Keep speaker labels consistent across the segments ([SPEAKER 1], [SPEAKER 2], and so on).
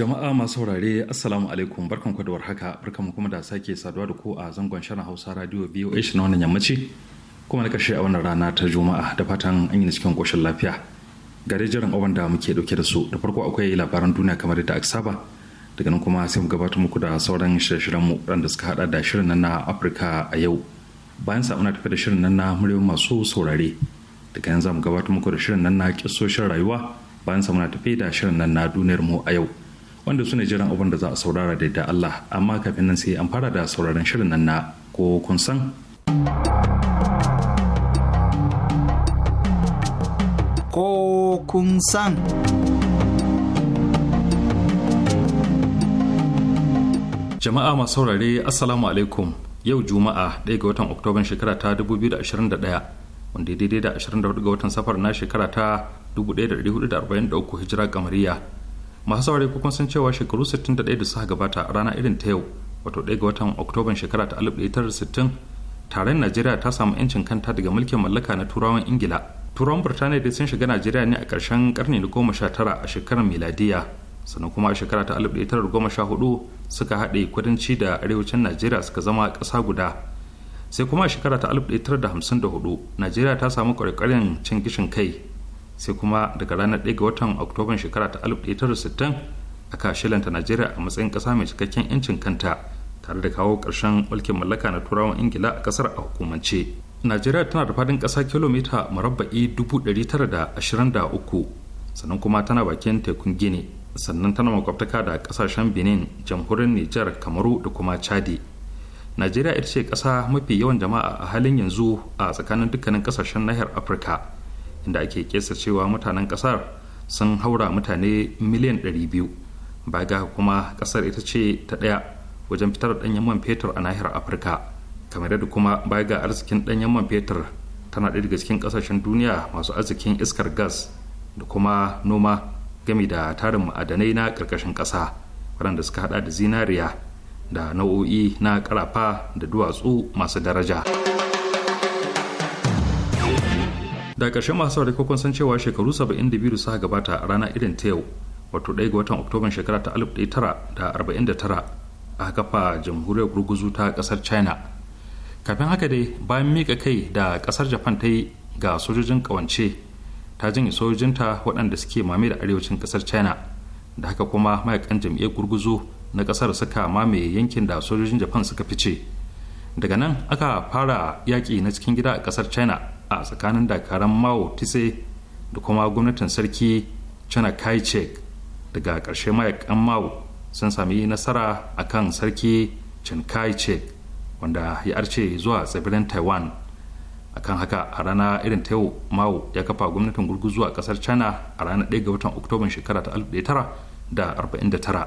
[SPEAKER 1] jama'a masu saurare assalamu alaikum barkan ku da warhaka barkan kuma da sake saduwa da ku a zangon shirin Hausa Radio BOH na wannan yammaci kuma na kashe a wannan rana ta Juma'a da fatan an yi cikin koshin lafiya gare jiran abin da muke dauke da su da farko akwai labaran duniya kamar da aka saba daga nan kuma sai mu gabatar muku da sauran shirye-shiryen mu da suka hada da shirin nan na Afirka a yau bayan sa muna tafi da shirin nan na muryoyin masu saurare daga yanzu mu gabatar muku da shirin nan na kisoshin rayuwa bayan sa muna tafi da shirin nan na duniyar mu a yau wanda su ne jiran abin da za a saurara da yadda Allah amma kafin nan sai an fara da sauraron shirin nan na ko kun
[SPEAKER 2] san. Ko kun san.
[SPEAKER 1] Jama'a masu saurare Assalamu alaikum yau Juma'a ɗaya ga watan Oktoban shekara ta 2021 wanda daidai da 24 ga watan safar na shekara ta 1443 hijira kamariya masu saurari kun san cewa shekaru 61 da suka gabata a rana irin ta yau wato ɗaya ga watan oktoban shekara ta 1960 taron najeriya ta samu 'yancin kanta daga mulkin mallaka na turawan ingila turawan birtaniya dai sun shiga najeriya ne a ƙarshen karni na goma sha tara a shekarar miladiya sannan kuma a shekara ta 1914 suka haɗe kudanci da arewacin najeriya suka zama ƙasa guda sai kuma a shekara ta 1954 najeriya ta samu ƙwarƙwarin cin gishin kai sai kuma daga ranar 1 ga watan oktoban shekara ta 1960 aka shilanta najeriya a matsayin kasa mai cikakken 'yancin kanta tare da kawo karshen mulkin mallaka na turawan ingila a ƙasar a hukumance najeriya tana da fadin ƙasa kilomita murabba'i 923 sannan kuma tana bakin tekun gini sannan tana makwabtaka da ƙasashen benin jamhuriyar nijar kamaru da kuma chadi najeriya ita ce ƙasa mafi yawan jama'a a halin yanzu a tsakanin dukkanin kasashen nahiyar afirka inda ake kesa cewa mutanen kasar sun haura mutane miliyan 200 ba ga kuma kasar ita ce ta daya wajen fitar da danyen man fetur a nahiyar afirka kamar da kuma baga ga arzikin danyen man fetur tana ɗaya daga cikin kasashen duniya masu arzikin iskar gas da kuma noma gami da tarin ma'adanai na ƙarƙashin ƙasa waɗanda suka hada da zinariya da nau'o'i na ƙarafa da duwatsu masu daraja. da ƙarshe masu saurari kun san cewa shekaru 72 suka gabata a rana irin ta yau wato ɗaya ga watan oktoban shekara ta 1949 a kafa jamhuriyar gurguzu ta ƙasar china kafin haka dai bayan mika kai da ƙasar japan ta yi ga sojojin ƙawance ta janye sojojinta waɗanda suke mame da arewacin ƙasar china da haka kuma mayakan jam'iyyar gurguzu na ƙasar suka mamaye yankin da sojojin japan suka fice daga nan aka fara yaƙi na cikin gida a ƙasar china a tsakanin dakaran mao tise da kuma gwamnatin sarki chana kai daga ƙarshe mayakan mao sun sami nasara a kan sarki chin wanda ya arce zuwa tsibirin taiwan akan haka a rana irin ta yau mao ya kafa gwamnatin gurguzu a kasar china a ranar 1 ga watan oktoban shekara ta 1949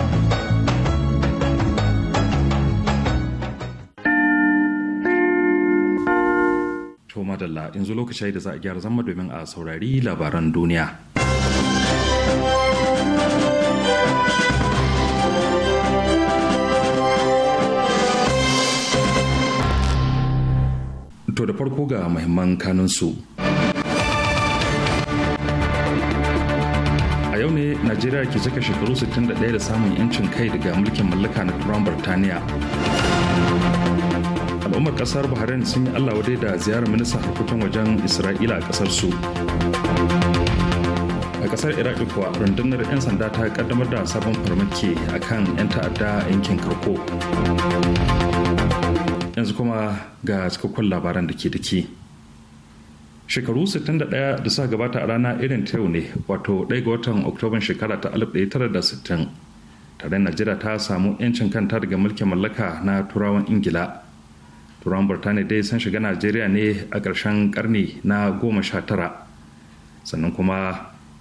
[SPEAKER 1] To madalla yanzu lokaci da za a gyara zama domin a saurari labaran duniya. To da farko ga muhimman kanunsu. A yau ne Najeriya ke cika shekaru 61 da samun 'yancin kai daga mulkin mallaka na Turan Birtaniya. al'ummar kasar bahrain sun yi allah wadai da ziyarar ministan harkokin wajen isra'ila a kasar su a kasar iraq kuwa rundunar 'yan sanda ta kaddamar da sabon farmaki akan 'yan ta'adda yankin karko yanzu kuma ga cikakkun labaran da ke da ke shekaru 61 da suka gabata a rana irin ta yau ne wato 1 ga watan oktoban shekara ta 1960 tare najeriya ta samu 'yancin kanta daga mulkin mallaka na turawan ingila turan burtaniya dai sun shiga najeriya ne a karshen karni na goma sha tara sannan kuma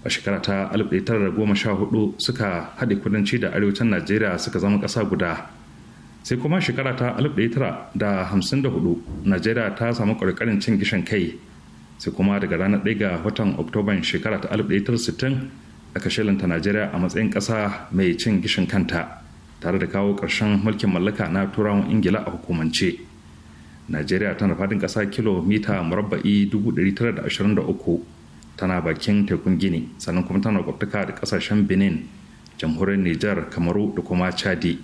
[SPEAKER 1] a shekara ta hudu suka haɗe kudanci da arewacin najeriya suka zama ƙasa guda sai kuma shekara ta da hudu najeriya ta samu ƙwarƙarin cin gishin kai sai kuma daga ranar ɗaya ga watan oktoban shekara ta 1960 aka shelanta najeriya a matsayin ƙasa mai cin gishin kanta tare da kawo ƙarshen mulkin mallaka na turawan ingila a hukumance. najeriya tana faɗin ƙasa kilomita murabba'i 923 tana bakin tekun gini sannan kuma tana kwaftuka da ƙasashen benin jamhuriyar nijar kamaru da kuma chadi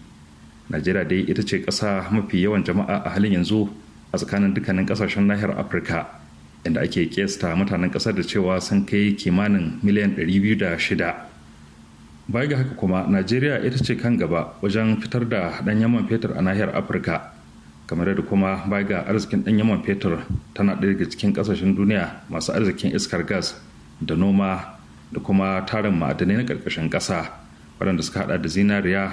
[SPEAKER 1] najeriya dai ita ce ƙasa mafi yawan jama'a a halin yanzu a tsakanin dukkanin ƙasashen nahiyar afirka inda ake kesta mutanen ƙasar da cewa sun kai kimanin miliyan 206 baya ga haka kuma najeriya ita ce kan gaba wajen fitar da ɗan man fetur a nahiyar afirka kamar da kuma baya ga arzikin ɗan man fetur tana ɗaya daga cikin ƙasashen duniya masu arzikin iskar gas da noma da kuma tarin ma'adanai na ƙarƙashin ƙasa waɗanda suka haɗa da zinariya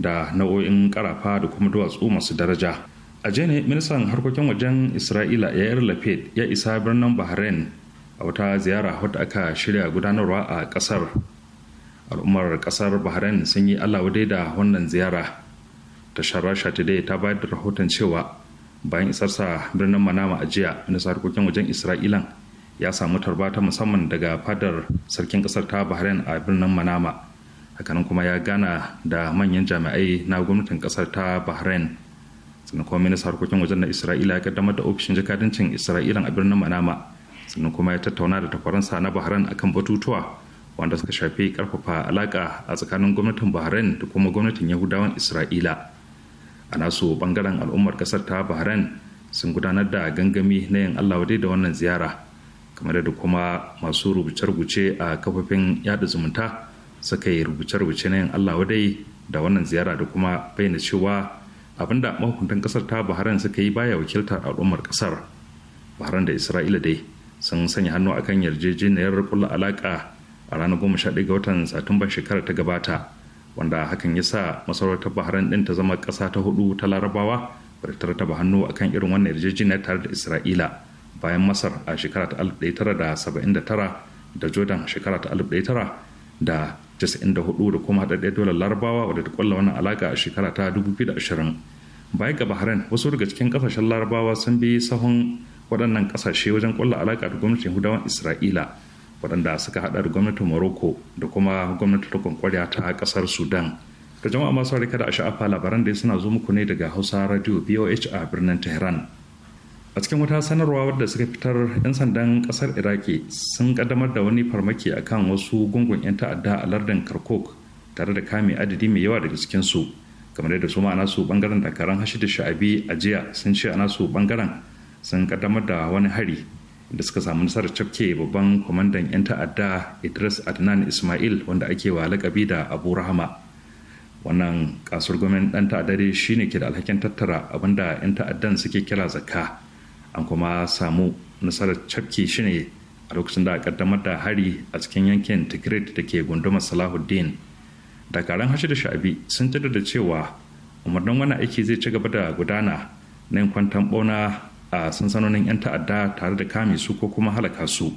[SPEAKER 1] da nau'o'in ƙarafa da kuma duwatsu masu daraja a jene ministan harkokin wajen isra'ila yar lafet ya isa birnin bahrain a wata ziyara wadda aka shirya gudanarwa a ƙasar al'ummar ƙasar bahrain sun yi allah da wannan ziyara tashar rasha today ta bayar da rahoton cewa bayan isarsa birnin manama a jiya minista sarkokin wajen isra'ilan ya samu tarba ta musamman daga fadar sarkin kasar ta bahrain a birnin manama hakanan kuma ya gana da manyan jami'ai na gwamnatin kasar ta bahrain sannan kuma minista harkokin wajen na isra'ila ya kaddamar da ofishin jakadancin isra'ilan a birnin manama sannan kuma ya tattauna da takwaransa na bahrain akan batutuwa wanda suka shafi karfafa alaka a tsakanin gwamnatin bahrain da kuma gwamnatin yahudawan isra'ila a nasu bangaren al'ummar kasar ta bahrain sun gudanar da gangami na yin allah wadai da wannan ziyara kamar da kuma masu rubuce-rubuce a kafofin yada zumunta suka yi rubuce-rubuce na yin allah wadai da wannan ziyara da kuma bayyana cewa abinda mahukuntan kasar ta bahrain suka yi baya wakiltar al'ummar kasar bahrain da isra'ila dai sun sanya hannu akan yarjejeniyar kulla alaka a ranar 11 ga watan satumban shekarar ta gabata wanda hakan ya sa masarautar bahrain din ta zama ƙasa ta hudu ta larabawa ba ta rataba hannu akan irin wannan yarjejeniyar tare da isra'ila bayan masar a shekara ta 1979 da jordan shekara ta 1994 da da kuma haɗaɗɗiyar dolar larabawa wadda ta kwalla wannan alaƙa a shekara ta 2020 baya ga bahrain wasu daga cikin kasashen larabawa sun bi sahun waɗannan ƙasashe wajen kwalla alaƙa da gwamnatin hudawan isra'ila waɗanda suka haɗa da gwamnatin morocco da kuma gwamnatin ta kwarya ta ƙasar sudan da jama'a masu harika da sha'afa labaran da suna zo muku ne daga hausa radio boh a birnin tehran a cikin wata sanarwa wadda suka fitar 'yan sandan ƙasar iraki sun kaddamar da wani farmaki akan wasu gungun 'yan ta'adda a lardin kirkuk tare da kame adadi mai yawa daga cikinsu kamar yadda su ana su bangaren dakaran hashi da sha'abi a jiya sun ce ana su bangaren sun kaddamar da wani hari da suka samu nasarar cafke babban kwamandan 'yan ta'adda idris adnan ismail wanda ake wa lakabi da abu rahama wannan kasuwar gwamnan dan ta'adda dai shine ke da alhakin tattara abinda 'yan ta'addan suke kira zakka an kuma samu nasarar cafke shine a lokacin da a kaddamar da hari a cikin yankin tigrid da ke gundumar salahuddin dakaran hashi da sha'abi sun da cewa umarnin wannan aiki zai ci gaba da gudana na yin kwantan bona a sansanonin 'yan ta'adda tare da kame su ko kuma halaka su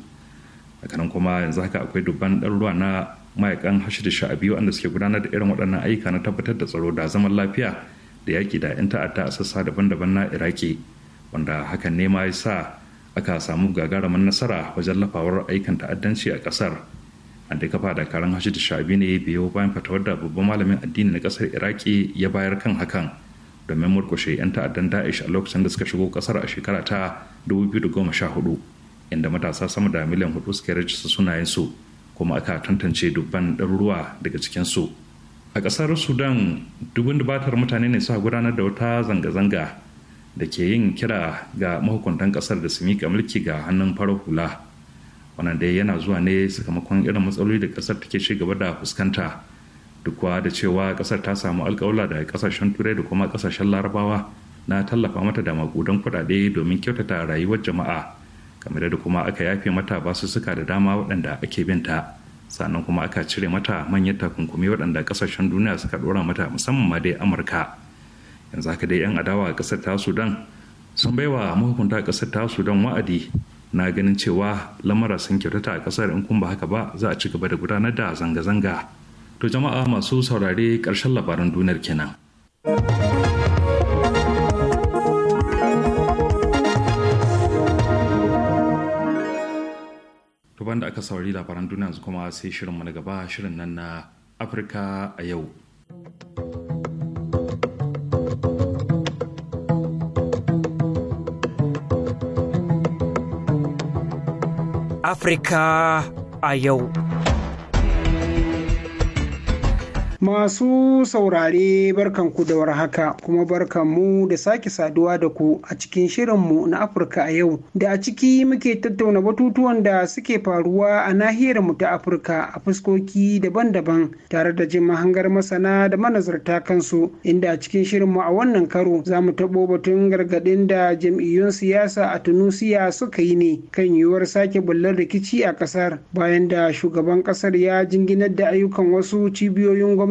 [SPEAKER 1] a kuma yanzu haka akwai dubban ɗaruruwa na mayakan hashi da sha'abi wanda suke gudanar da irin waɗannan ayyuka na tabbatar da tsaro da zaman lafiya da yaƙi da 'yan ta'adda a sassa daban-daban na iraki wanda hakan ne ma ya sa aka samu gagarumin nasara wajen lafawar aikin ta'addanci a ƙasar an da kafa da karan hashi da sha'abi ne biyo bayan fatawar da babban malamin addini na ƙasar iraki ya bayar kan hakan domin murkushe 'yan ta'addan da'ish a lokacin da suka shigo kasar a shekara ta 2014 inda matasa sama da miliyan hudu suka rajista su kuma aka tantance dubban ɗaruruwa daga cikin su a ƙasar sudan dubin dubatar mutane ne suka gudanar da wata zanga-zanga da ke yin kira ga mahukuntan ƙasar da su miƙa mulki ga hannun farar hula wannan dai yana zuwa ne sakamakon irin matsaloli da ƙasar take ci gaba da fuskanta duk da cewa kasar ta samu alkawla daga kasashen turai da kuma kasashen larabawa na tallafa mata da makudan kudade domin kyautata rayuwar jama'a kamar da kuma aka yafe mata basu suka da dama waɗanda ake binta sannan kuma aka cire mata manyan takunkumi waɗanda kasashen duniya suka ɗora mata musamman ma dai amurka yanzu haka dai yan adawa a ƙasar ta sudan sun bai wa mahukunta ƙasar ta sudan wa'adi na ganin cewa lamara sun kyautata a ƙasar in kun ba haka ba za a ci gaba da gudanar da zanga-zanga To jama'a masu saurare ƙarshen labaran duniyar kenan. Tuban da aka saurari labaran duniya su kuma sai shirinmu na gaba shirin nan na Afirka a yau.
[SPEAKER 3] Afirka a yau.
[SPEAKER 4] Masu saurare barkan ku da warhaka kuma barkan mu da sake saduwa da ku a cikin shirin mu na Afirka a yau da a ciki muke tattauna batutuwan da suke faruwa a nahiyar mu ta Afirka a fuskoki daban-daban tare da jin mahangar masana da manazarta kansu inda a cikin shirinmu a wannan karo za mu taɓo batun gargadin da jam'iyyun siyasa a Tunusiya suka yi ne kan yiwuwar sake bullar rikici a ƙasar bayan da shugaban ƙasar ya jinginar da ayyukan wasu cibiyoyin gwamnati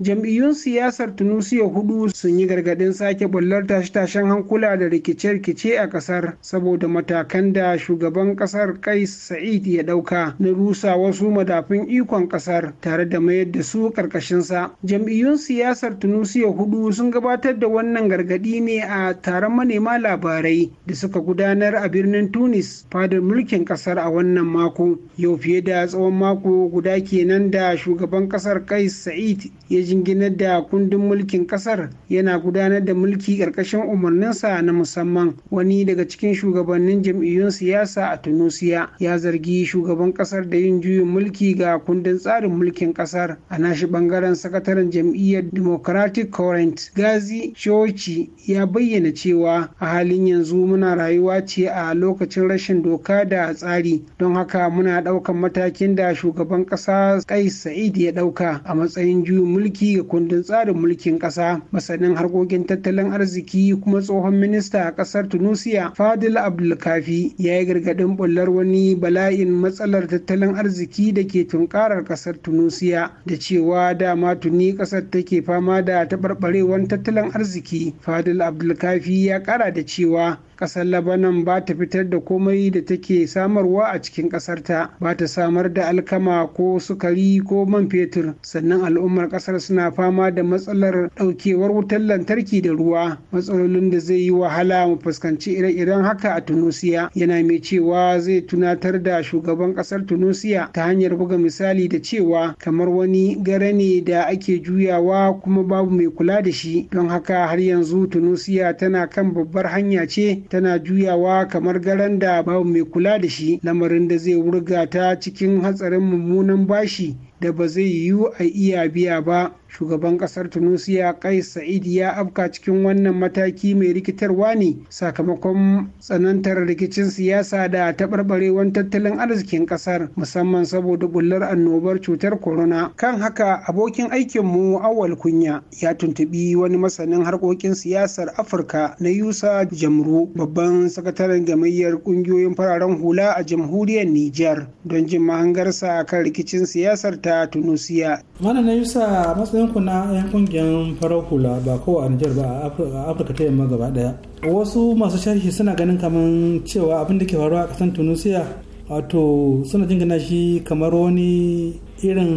[SPEAKER 4] jam'iyyun siyasar tunusiya hudu sun yi gargadin sake bullar tashe-tashen hankula da rikice-rikice a kasar saboda matakan da shugaban kasar kai sa'id ya dauka na rusa wasu madafin ikon kasar tare da mayar da su karkashinsa jam'iyyun siyasar tunusiya hudu sun gabatar da wannan gargadi ne a taron manema labarai da suka gudanar a birnin tunis fadar mulkin kasar a wannan mako yau fiye da tsawon mako guda kenan da shugaban kasar kai sa'id ya jinginar da kundin mulkin kasar yana gudanar da mulki ƙarƙashin umarninsa na musamman wani daga cikin shugabannin jam'iyyun siyasa a tunusiya ya zargi shugaban kasar da yin juyin mulki ga kundin tsarin mulkin kasar a nashi bangaren sakataren jam'iyyar democratic current gazi shoci ya bayyana cewa a halin yanzu muna rayuwa ce a lokacin rashin doka da tsari don haka muna ɗaukan matakin da shugaban ƙasa Kai sa'id ya ɗauka a matsayin juyin mulki mulki ga kundin tsarin mulkin ƙasa masanin harkokin tattalin arziki kuma tsohon minista a ƙasar tunisia fadil abdulkafi ya yi gargadin bullar wani bala'in matsalar tattalin arziki da ke tunkarar ƙasar tunisia da cewa dama tuni ƙasar take fama da taɓarɓarewar tattalin arziki fadil abdulkafi ya ƙara da cewa kasar labanan ba ta fitar da komai da take samarwa a cikin kasarta ba ta samar da alkama ko sukari ko man fetur sannan al'ummar kasar suna fama da matsalar daukewar wutar lantarki da ruwa matsalolin da zai yi wahala mu fuskanci ire-iren haka a tunusiya yana mai cewa zai tunatar da shugaban kasar tunusiya ta hanyar buga misali da cewa kamar wani gare ne da ake juyawa kuma babu mai kula da shi don haka har yanzu tunusiya tana kan babbar hanya ce tana juyawa kamar garan da babu mai kula da shi lamarin da zai wurga ta cikin hatsarin mummunan bashi da ba zai yiwu a iya biya ba shugaban kasar tunisia ƙai sa'id ya afka cikin wannan mataki mai rikitarwa ne sakamakon tsanantar rikicin siyasa da taɓarɓarewar tattalin arzikin kasar musamman saboda bullar annobar cutar corona kan haka abokin aikinmu awal kunya ya tuntubi wani masanin harkokin siyasar afirka na yusa jamru babban sakataren gamayyar ƙungiyoyin fararen hula a jamhuriyar niger don jin mahangarsa kan rikicin siyasar ta tunisia
[SPEAKER 2] mana na yusa matsayin ku na yan kungiyar farar hula ba kowa a nijar ba a afirka ta yamma gaba daya wasu masu sharhi suna ganin kamar cewa abin da ke faruwa a kasan tunusiya. wato suna jingina shi kamar wani irin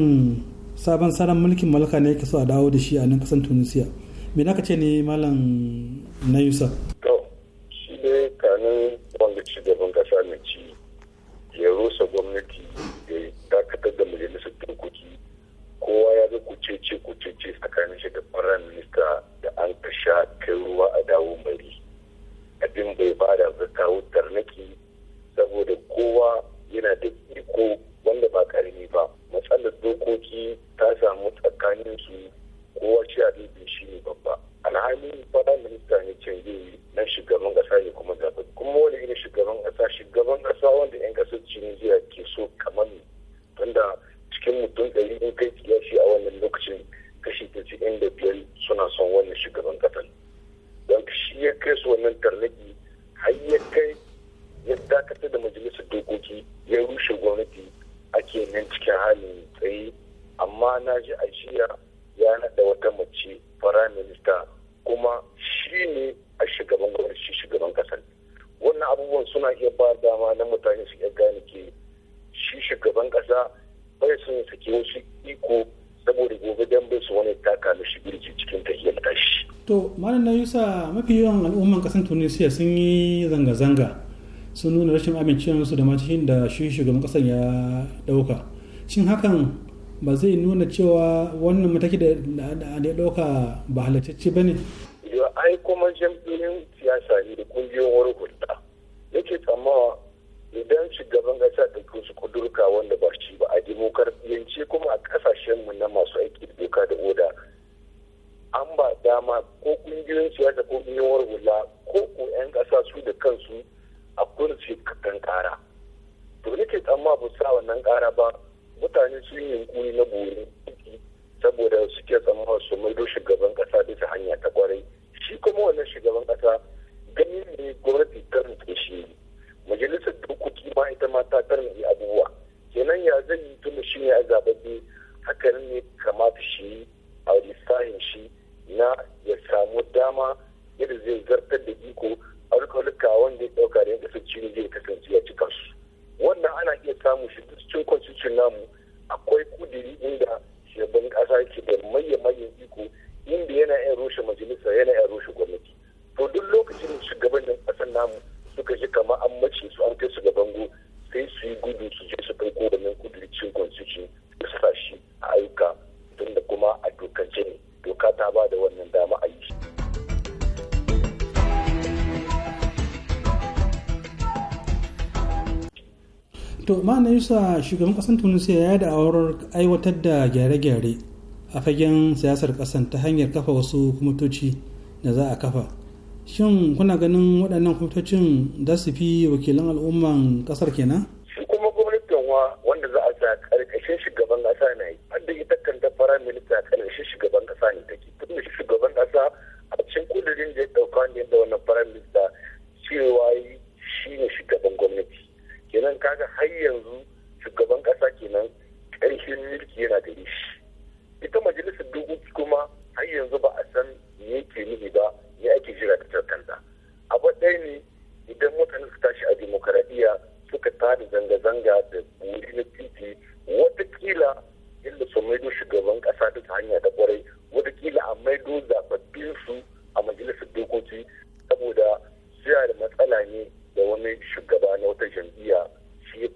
[SPEAKER 2] sabon tsarin mulkin malaka ne ke so a dawo da shi a nan kasan tunusiya me naka ce ne malam na yusa ne kanin wanda shugaban kasa ne ci ya rusa gwamnati
[SPEAKER 5] cece ku cece tsakanin shi da prime minista da an ka sha kai ruwa a dawo mari abin bai ba da wutar naki saboda kowa yana da iko wanda ba karimi ba matsalar dokoki ta samu tsakanin su kowa shi a shi ne babba alhali prime minista ne canje na shugaban kasa ne kuma zaɓe kuma wani irin shugaban kasa shugaban kasa wanda 'yan kasar tunisia ke so kamar tunda cikin mutum ɗari in kai kiyashi a wannan lokacin kashi tasa'in da biyar suna son wannan shugaban ƙasar don shi ya kai su wannan tarnaki har ya kai ya dakatar da majalisar dokoki ya rushe gwamnati ake nan cikin halin tsaye amma na ji a jiya ya naɗa wata mace fara minista kuma shi ne a shugaban gwamnati shugaban ƙasar wannan abubuwan suna iya ba dama na mutane su iya gane ke shi shugaban ƙasa bai sun saki wasu iko saboda gobe dan bai su wani taka shi birki cikin tahiyar tashi.
[SPEAKER 2] To malam na yusa mafi yawan al'umman kasar Tunisia sun yi zanga-zanga sun nuna rashin amincewarsu da matakin da shi shugaban kasan ya dauka. Shin hakan ba zai nuna cewa wannan mataki da ya dauka ba halattacce ba ne?
[SPEAKER 5] ya ai kuma siyasa ne da kungiyoyin wani hulɗa. Yake tsammawa idan shugaban kasa da su kudurka wanda ba shi ba a demokarɗiyance kuma a mu na masu aiki doka da oda an ba dama ko kungiyoyin siyasa ko kungiyoyin hula ko ko 'yan kasa su da kansu a kurce kan kara to nake tsamma ba sa wannan kara ba mutane sun yi yunkuri na bori saboda suke tsamma su maido shugaban kasa bisa hanya ta kwarai shi kuma wannan shugaban kasa ganin ne gwamnati ta rike shi majalisar dokoki ma ita ma ta yi abubuwa kenan ya zai yi tun shi ne a zababbe hakan ne kamata shi a lissahin shi na ya samu dama yadda zai zartar da iko a alkalika wanda ya dauka da ya kasance zai kasance ya cika su wannan ana iya samu shi duk cikin constitution namu akwai kudiri inda shugaban kasa ke da maye-maye iko inda yana yan rushe majalisa yana yan rushe gwamnati to duk lokacin shugaban kasar namu suka ji kama an mace su an kai su ga bango sai su yi gudu su je su kai kowanne kudurcin constitution su sa shi a ayyuka da kuma a dokance ne doka ta ba da wannan dama a yi.
[SPEAKER 2] to na yusa shugaban kasan tunisia ya da aurar aiwatar da gyare-gyare a fagen siyasar kasan ta hanyar kafa wasu kumatoci da za a kafa shin kuna ganin waɗannan kwamitocin da su fi wakilan al'umman ƙasar kenan
[SPEAKER 5] shi kuma gwamnatin wa wanda za a sa ƙarƙashin shugaban ƙasa ne wanda ita kan ta fara minista ƙarƙashin shugaban ƙasa ne take tun da shugaban ƙasa a cikin kudirin da ya ɗauka ne da wannan fara minista cewa shi ne shugaban gwamnati kenan kaga har yanzu shugaban ƙasa kenan ƙarshen mulki yana da shi ita majalisar dokoki kuma har yanzu ba a san me yake nufi ba ya ake jira ta tattanta abu ɗaya ne idan mutane suka tashi a demokaradiyya suka tada zanga-zanga da wuri na titi watakila inda su maido shugaban ƙasa da hanya da kwarai watakila a maido zaɓaɓɓin su a majalisar dokoki saboda su da matsala ne da wani shugaba na wata jam'iyya shi ya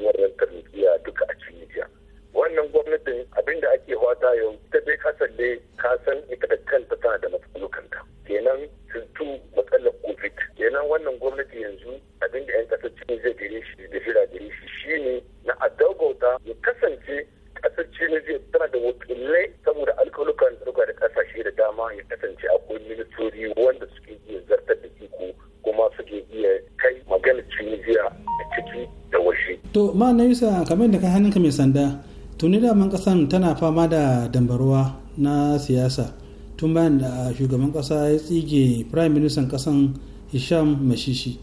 [SPEAKER 5] wannan tarniki duka a cikin wannan gwamnatin abinda ake fata yau ta dai kasar ne kasan ita da kanta tana da matsalolin kenan tuntu matsalar covid kenan wannan gwamnati yanzu abinda yan kasar cikin zai gare shi da shira gare shi shine na adagauta ya kasance kasar chile zai tana da wakilai saboda alkalukan da da kasashe da dama ya kasance akwai ministori wanda suke iya zartar da iko kuma suke iya kai maganar tunisia a ciki
[SPEAKER 2] da washe. to ma na yusa kamar da ka hannunka mai sanda tuni daman kasan tana fama da dambaruwa na siyasa tun bayan da shugaban kasa ya tsige prime minister kasan hisham mashishi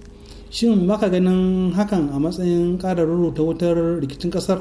[SPEAKER 2] shin maka ganin hakan a matsayin ƙara ta wutar rikicin kasar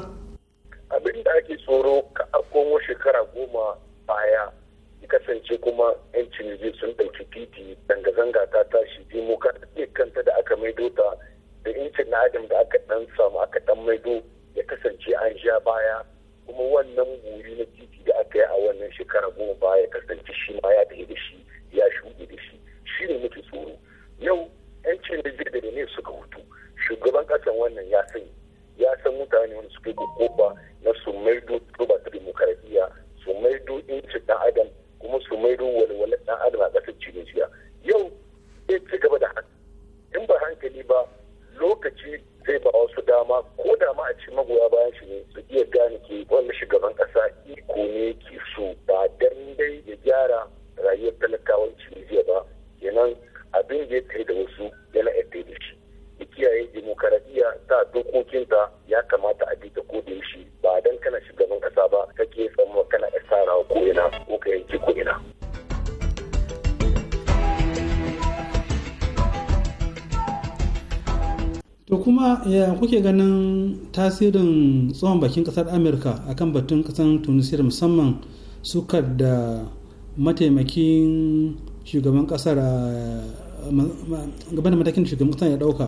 [SPEAKER 5] abin da ake tsoro ka komo shekara goma baya ya kasance kuma 'yan cinizir sun ɗauki titi zanga-zanga ta tashi dimo kanta da aka maido ta da incin na adam da aka ɗan samu aka ɗan maido ya kasance an sha baya kuma wannan buri na titi da aka yi a wannan shekara goma ba ya kasance shi ma ya tafi da shi ya shuɗe da shi shi ne muke tsoro yau yancin da zai da ne suka hutu shugaban ƙasan wannan ya sani ya san mutane wanda suke kofa na su maido tuba ta demokaradiyya su maido incin ɗan adam kuma su maido walwalar ɗan adam a ƙasar tunisiya yau zai ci gaba da hankali in ba hankali ba lokaci zai ba wasu dama da ma a ce magoya bayan shi ne su iya gane ke wanda shugaban kasa iko ne
[SPEAKER 2] ya kuke ganin tasirin tsohon bakin kasar amurka akan batun kasar tunisiya musamman suka da mataimakin shugaban kasar game da matakin shugaban kasar ya dauka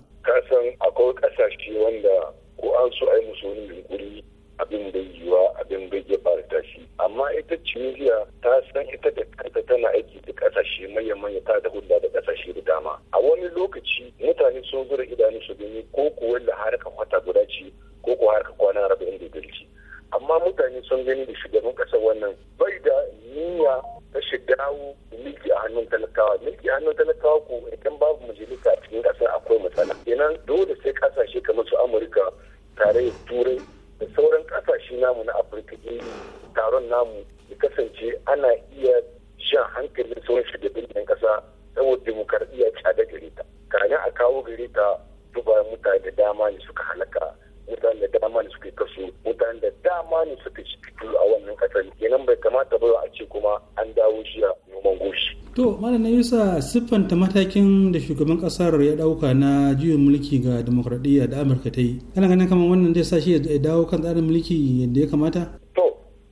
[SPEAKER 2] siffanta matakin da shugaban kasar ya dauka na juyin mulki ga demokradiyya da amurka ta yi kana ganin kamar wannan zai sa shi ya dawo kan tsarin mulki yadda ya kamata to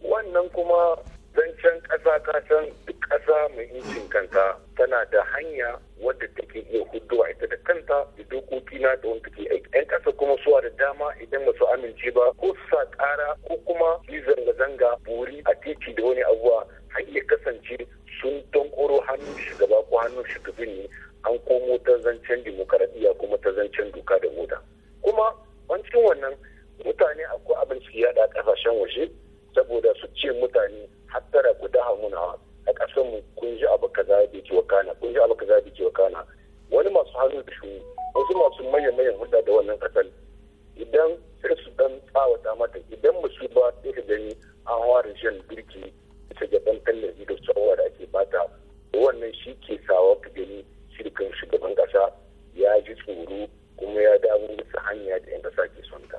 [SPEAKER 5] wannan kuma zancen ƙasa kasan ƙasa mai injin kanta tana da hanya wadda take iya huduwa ita da kanta da dokoki na da wanda take aiki yan ƙasa kuma suwa da dama idan ba su amince ba ko su sa ƙara ko kuma yi zanga-zanga bori a titi da wani abuwa har ya kasance sun dankoro hannun shugaba ko hannun ne an komo ta zancen demokaradiyya kuma ta zancen doka da moda kuma wancin wannan mutane akwai abin su yada kasashen waje saboda su ce mutane hattara ku da hamuna a ƙasar mu kun ji abu kaza da ke wakana kun ji abu kaza da ke wakana wani masu hannu da shuni wasu masu maye maye hulɗa da wannan ƙasar idan sai su dan tsawata mata idan musu ba sai ka gani an hwarin shan birki ita gaban kallon da tsawa da ake bata wannan shi ke sawa ka gani shirkan shugaban kasa ya ji tsoro kuma ya damu musu hanya da yan kasa ke son ta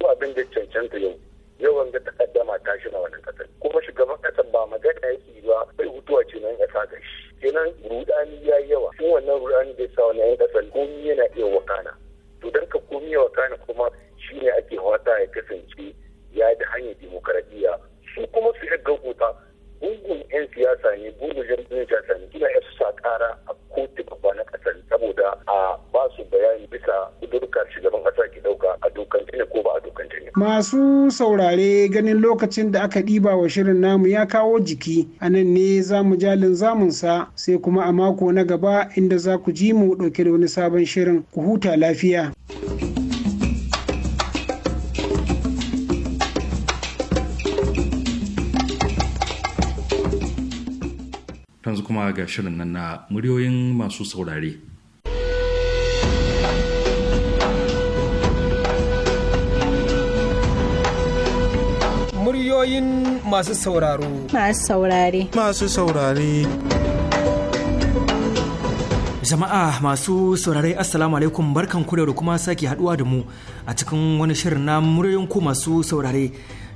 [SPEAKER 5] ko abin da cancanta yau yawan ga takaddama ta shi na wannan kasar kuma shugaban kasa ba magana yake ba bai hutuwa ce nan kasa ga shi kenan rudani ya yi yawa shin wannan rudani da ya sa wani yan kasa komi yana iya wakana to dan ka komi ya wakana kuma shine ake wata ya kasance ya da hanyar dimokuraɗiyya su kuma su yi bugun 'yan siyasa ne bugun jam'iyyar siyasa ne gina ya sa kara a kotu babba na kasar saboda a ba su bayani bisa kudurka shugaban kasa ke dauka a dokance ne ko ba a dokance
[SPEAKER 4] ne. masu saurare ganin lokacin da aka ɗiba wa shirin namu ya kawo jiki a nan ne za mu jalin zamunsa sai kuma a mako na gaba inda za ku ji mu ɗauke da wani sabon shirin ku huta lafiya.
[SPEAKER 1] kuma ga shirin nan na muryoyin masu saurare.
[SPEAKER 4] Muryoyin masu sauraro.
[SPEAKER 2] Masu saurare. Masu saurare.
[SPEAKER 3] Jama'a masu saurare Assalamu alaikum barkan kurewa da kuma sake haduwa da mu a cikin wani shirin na muryoyin ku masu saurare.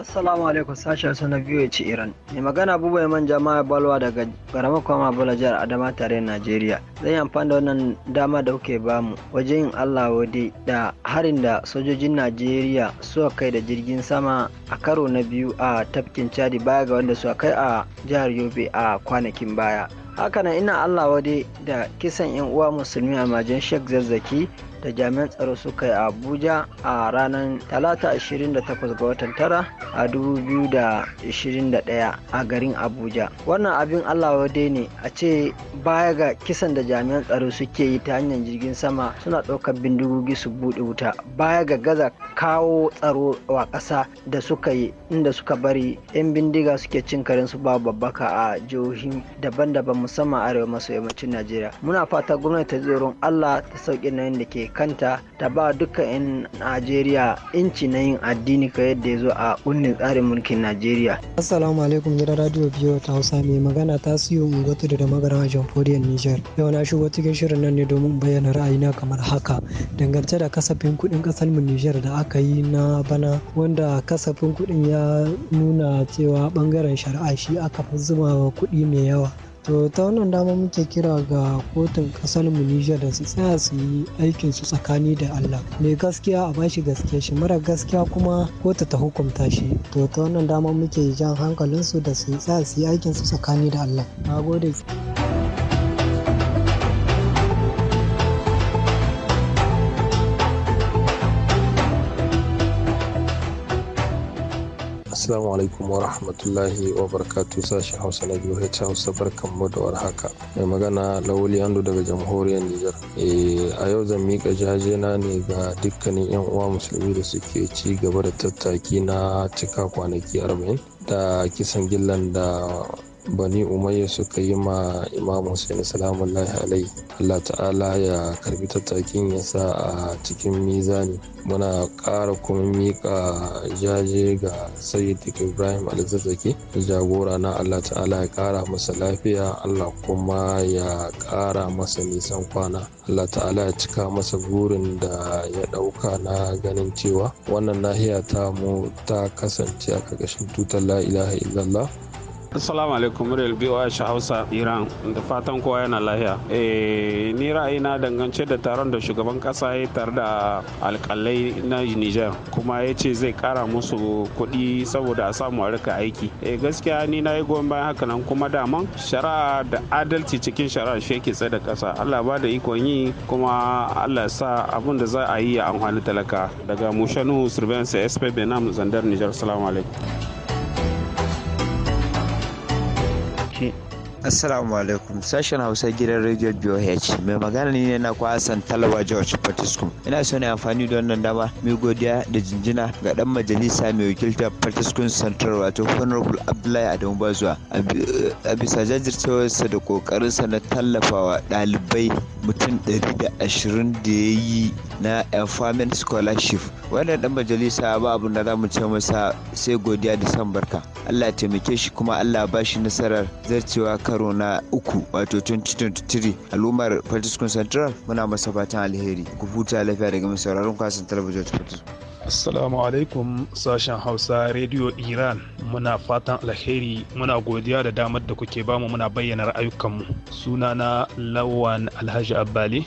[SPEAKER 6] Assalamu alaikum sashen sana biyu ce Iran. Mai magana abubuwa man jama'a balwa daga garama kwama bala jihar Adama tare Najeriya. Zan yi amfani da wannan dama da kuke bamu wajen yin Allah wade da harin da sojojin Najeriya suka kai da jirgin sama a karo na biyu a tafkin Chadi baya ga wanda suka kai a jihar Yobe a kwanakin baya. hakanan ina Allah wade da kisan 'yan uwa musulmi a majin Sheikh Zazzaki da jami'an tsaro suka yi a abuja a ranar talata 28 ga watan tara a 2021 a garin abuja wannan abin allah dai ne a ce baya ga kisan da jami'an tsaro suke yi ta hanyar jirgin sama suna ɗaukar bindigogi su buɗe wuta baya ga gaza kawo tsaro wa ƙasa da suka yi inda suka bari 'yan bindiga suke cin karen su babu babbaka a jihohin daban-daban musamman arewa maso yammacin najeriya muna fatan gwamnati ta tsoron allah ta sauƙi yin da ke kanta ta ba duka 'yan najeriya inci na yin addini ka yadda ya zo a kunnin tsarin mulkin najeriya assalamu alaikum gidan radio biyu ta hausa mai magana ta siyo ungwatu da magana a jamhuriyar niger yau na shigo cikin shirin nan ne domin bayyana na kamar haka dangance da kasafin kuɗin ƙasar mu niger da aka yi na bana wanda kasafin kuɗin ya nuna cewa ɓangaren shari'a shi aka fi zuba kuɗi mai yawa to ta wannan dama muke kira ga kotun kasar mu da su tsaya su yi aikin su tsakani da Allah mai gaskiya a bashi gaskiya shi mara gaskiya kuma kotu ta hukunta shi to ta wannan dama muke jan hankalinsu da su tsaya su yi aikin su tsakani da Allah gode.
[SPEAKER 7] Assalamu alaikum wa rahmatullahi wa barkatu sashi Hausa na biyu Hausa barkan mu da warhaka. Mai magana Lawali Ando daga jamhuriyar Nijar. Eh, a yau zan mika jajena ne ga dukkanin yan uwa musulmi da suke ci gaba da tattaki na cika kwanaki arba'in da kisan gillan da bani umayya suka yi ma imam hussein salamun alai allah ta'ala ya karbi tattakin ya sa a cikin mizani muna ƙara kuma miƙa jaje ga sayyid ibrahim alzazzaki jagora na allah ta'ala ya ƙara masa lafiya allah kuma ya ƙara masa nisan kwana allah ta'ala ya cika masa burin da ya ɗauka na ganin cewa wannan nahiya ta mu ta kasance a ƙarƙashin tutar la illallah
[SPEAKER 8] Assalamu alaikum muryar BOH Hausa Iran da fatan kowa yana lahiya. Eh, ni ra'ayina dangance da taron da shugaban kasa ya tare da alkalai na Niger kuma ya ce zai kara musu kuɗi saboda a samu a rika aiki. Eh gaskiya ni na yi goyon bayan haka nan kuma daman shari'a da adalci cikin shari'a shi yake tsaye da kasa. Allah ba da ikon yi kuma Allah sa abun da za a yi ya amfani talaka. Daga Mushanu Surveillance SP Benam Zandar Niger. Assalamu alaikum.
[SPEAKER 4] 嗯。Assalamu alaikum sashen Hausa gidan Radio BOH mai magana ne na kwasan Talawa George Patiskum. Ina so ne amfani da wannan dama mai godiya da jinjina ga dan majalisa mai wakilta Patiskum Central wato Honorable Abdullahi Adamu Bazuwa a bisa jajircewarsa da kokarinsa na tallafawa dalibai mutum 120 da ya yi na Empowerment Scholarship. Wannan dan majalisa ba abin da za mu ce masa sai godiya da san barka. Allah ya taimake shi kuma Allah ba shi nasarar zarcewa karo na uku wato 2023 al'ummar Fatiskun Central muna masa fatan alheri ku huta lafiya daga masauraron sauraron kwasan talabijin ta fito
[SPEAKER 8] Assalamu alaikum sashen Hausa Radio Iran muna fatan alheri muna godiya da damar da kuke bamu muna bayyana suna na Lawan Alhaji Abbali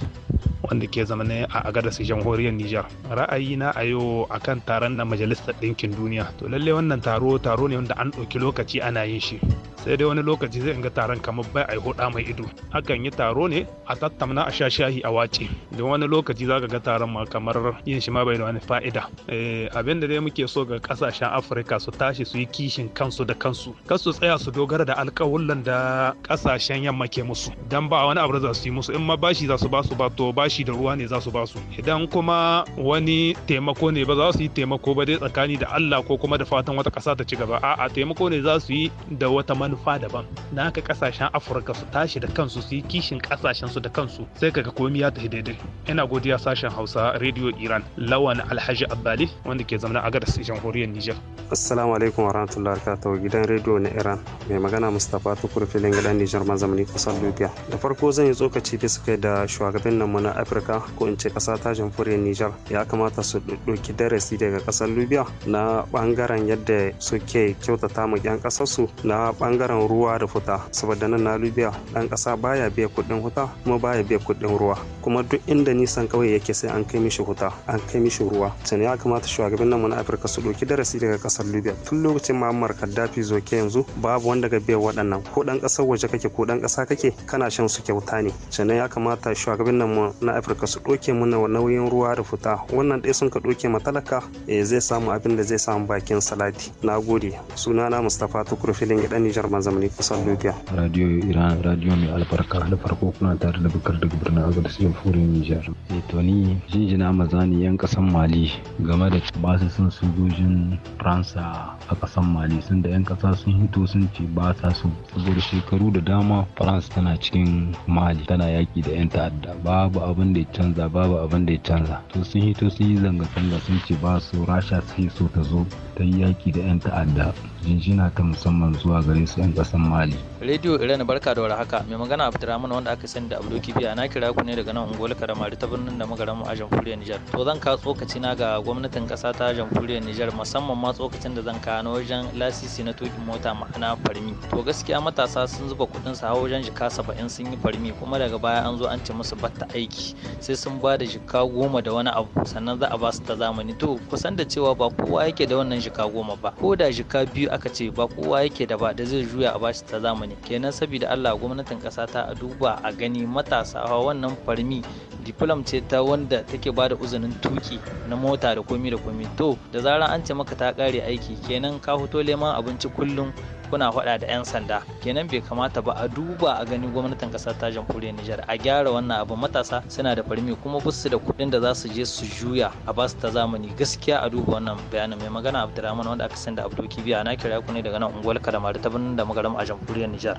[SPEAKER 8] wanda ke zama a agadas jamhuriyar Nijar. Ra'ayina a yau akan taron na Majalisar Ɗinkin Duniya. To lalle wannan taro taro ne wanda an ɗauki lokaci ana yin shi. sai dai wani lokaci zai ga taron kamar bai ai hoda mai ido hakan yi taro ne a tattamna a sha shahi a wace da wani lokaci za ka ga taron ma kamar yin shi ma bai da wani fa'ida eh, abin da dai muke so ga kasashen afirka su tashi su yi kishin kansu da kansu kar su tsaya su dogara da alkawullan da kasashen yamma ke musu dan ba wani abu za su yi musu in ma bashi za su ba su ba to bashi da ruwa ne za su ba su idan kuma wani taimako ne ba za su yi taimako ba dai tsakani da Allah ko kuma da fatan wata kasa ta ci gaba a'a taimako ne za su yi da wata manufa daban na haka kasashen afirka su tashi da kansu su yi kishin kasashen su da kansu sai kaga komi ya tafi daidai ina godiya sashen hausa radio iran lawan alhaji abbali wanda ke zama a gadas jamhuriyar niger assalamu alaikum warahmatullahi wabarakatuh gidan radio na iran mai magana mustapha tukur filin gidan niger mazamni kasar libya da farko zan yi tsokaci bisa kai da shugaban nan mu na afirka ko in ce kasa ta jamhuriyar niger ya kamata su ɗauki darasi daga kasar libya na bangaren yadda suke kyautata ma 'yan kasarsu na bangaren ɓangaren ruwa da futa saboda nan na lubiya dan kasa baya biya kuɗin huta kuma baya biya kuɗin ruwa kuma duk inda nisan kawai yake sai an kai mishi huta an kai mishi ruwa can ya kamata shugaban nan na afirka su ɗauki darasi daga ƙasar libya tun lokacin muammar kaddafi zoke yanzu babu wanda ga biyan waɗannan ko ɗan ƙasar waje kake ko dan kasa kake kana shan su kyauta ne sannan ya kamata shugaban nan na afirka su ɗauke mana nauyin ruwa da futa wannan ɗaya sun ka ɗauke matalaka eh, zai samu abin da zai samu bakin salati na gode sunana mustapha tukur filin gidan nijar zaman zamani kusan Libya.
[SPEAKER 2] Radio Iran radio mai albarka da farko kuna tare da bukar daga birnin Agadez Jamhuriyar Nijar. Eh to ni jinjina mazani yan kasan Mali game da ba su son sojojin Faransa a kasan Mali sun da yan kasa sun hito sun ce ba sa so saboda shekaru da dama France tana cikin Mali tana yaki da yan ta'adda babu abin da ya canza babu abin da ya canza to sun hito sun yi zanga-zanga sun ce ba su Rasha sai so ta zo ta yi yaki da yan ta'adda injina ta musamman zuwa gare su 'yan kasan mali
[SPEAKER 7] radio iran barka da warhaka mai magana abdurrahman wanda aka sani da abdo kibiya na kira ku ne daga nan unguwar karamari ta birnin da magaran a jamhuriyar nijar to zan ka tsokaci na ga gwamnatin kasa ta jamhuriyar nijar musamman ma tsokacin da zan ka na wajen lasisi na tukin mota ma'ana farmi to gaskiya matasa sun zuba kuɗin su wajen jika saba'in sun yi farmi kuma daga baya an zo an ce musu batta aiki sai sun ba da jika goma da wani abu sannan za a ba su ta zamani to kusan da cewa ba kowa yake da wannan jika goma ba ko da jika biyu aka ce ba kowa yake da ba da zai juya a bashi ta zamani kenan saboda Allah gwamnatin ƙasa ta a duba a gani matasa wannan farmi diplom ce ta wanda take ba da uzunin tuki na mota da komi da komi to da zarar an ce maka ta kare aiki kenan ka fito leman abinci kullum kuna faɗa da 'yan sanda kenan bai kamata ba a duba a gani gwamnatin ƙasar ta jamhuriyar Nijar a gyara wannan abu matasa suna da farmi kuma basu da kuɗin da za su je su juya a ba su ta zamani gaskiya a duba wannan bayanin mai magana Abdulrahman wanda aka san da Abdul Kibiya na kira ku ne daga nan unguwar Kalamari ta birnin
[SPEAKER 9] da magaram a jamhuriyar Nijar.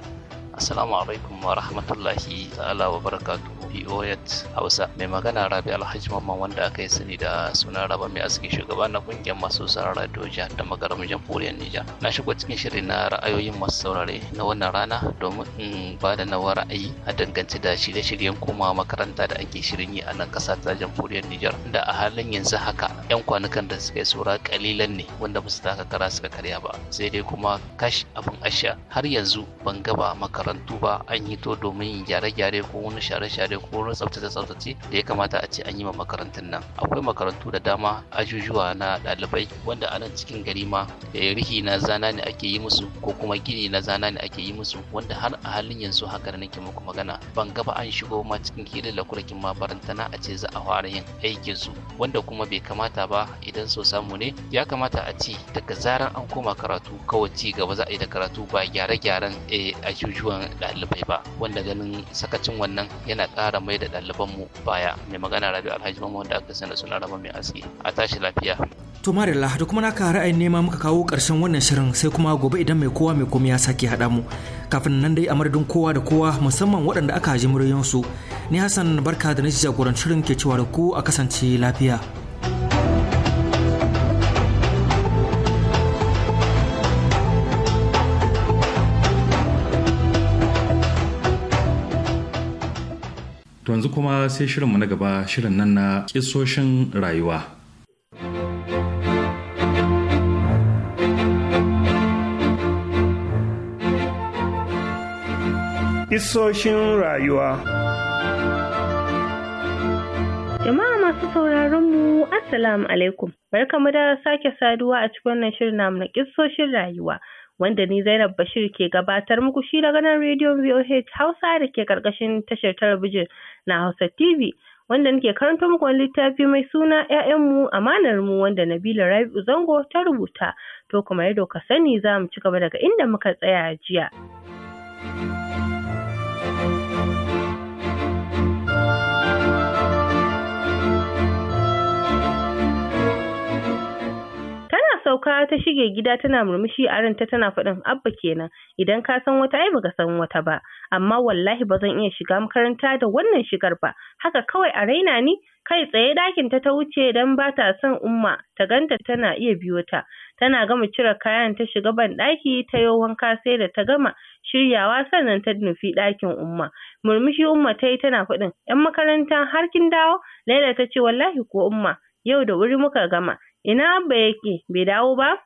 [SPEAKER 9] Assalamu alaikum wa rahmatullahi ta'ala wa barakatu POET Hausa mai magana Rabi Alhaji Mamman wanda aka yi sani da sunan Raba mai aski shugaba na kungiyar masu sauraron radio jihar da magaram jamhuriyar Nijar. Na shigo cikin shirin na ra'ayoyin masu saurare na wannan rana domin in ba da nawa ra'ayi a dangance da shirye-shiryen koma makaranta da ake shirin yi a nan ƙasa ta jamhuriyar Nijar da a halin yanzu haka 'yan kwanukan da suka yi tsora kalilan ne wanda ba su taka kara suka karya ba sai dai kuma kash abin asha har yanzu ban gaba maka makarantu ba an yi to domin gyare-gyare ko wani share-share ko wani tsaftace-tsaftace da ya kamata a ce an yi ma makarantun nan akwai makarantu da dama ajujuwa na ɗalibai wanda anan cikin gari ma eh, rihi na zana ne ake yi musu ko kuma gini na zana ne ake yi musu wanda har a halin yanzu haka da nake muku magana ban gaba an shigo ma cikin hilin lakurakin ma barantana a ce za a fara yin aikin su wanda kuma bai kamata ba idan so samu ne ya kamata a ce daga zaran an koma karatu kawai ci gaba za a yi da karatu ba gyare-gyaren eh, ajujuwa gwiwan ɗalibai ba wanda ganin sakacin wannan yana ƙara mai da ɗalibanmu baya mai magana rabi alhaji mamman wanda aka sani suna rama mai aski a tashi lafiya.
[SPEAKER 3] to marilla da kuma naka ra'ayin nema muka kawo ƙarshen wannan shirin sai kuma gobe idan mai kowa mai komai ya sake haɗa mu kafin nan dai a madadin kowa da kowa musamman waɗanda aka ji muryoyinsu ni hassan barka da na jagorancin shirin ke cewa da ku a kasance lafiya.
[SPEAKER 1] yanzu kuma sai shirinmu na gaba shirin nan na kisoshin rayuwa.
[SPEAKER 8] Kisoshin rayuwa
[SPEAKER 10] Jama'a masu sauraron mu Assalamu alaikum, barkamu da sake saduwa a cikin wannan shirin namu na kisoshin rayuwa. wanda ni Zainab Bashir ke gabatar muku shi daga nan rediyon VOH Hausa da ke karkashin tashar talabijin na Hausa TV wanda nake karanto muku wani littafi mai suna ‘ya'yanmu amanar mu wanda Nabila Rabi'u Zango ta rubuta to kuma yadda ka sani za mu ci gaba daga inda muka tsaya jiya. sauka ta shige gida tana murmushi a ranta tana faɗin abba kenan idan ka san wata ai baka san wata ba amma wallahi ba zan iya shiga makaranta da wannan shigar ba haka kawai a raina ni kai tsaye ɗakin ta ta wuce don ba ta son umma ta ganta tana iya biyo ta tana gama cire kayan ta shiga ban ɗaki ta yi wanka sai da ta gama shiryawa sannan ta nufi ɗakin umma murmushi umma ta yi tana faɗin yan makaranta har kin dawo laila ta ce wallahi ko umma yau da wuri muka gama ina Abba yake, bai dawo ba?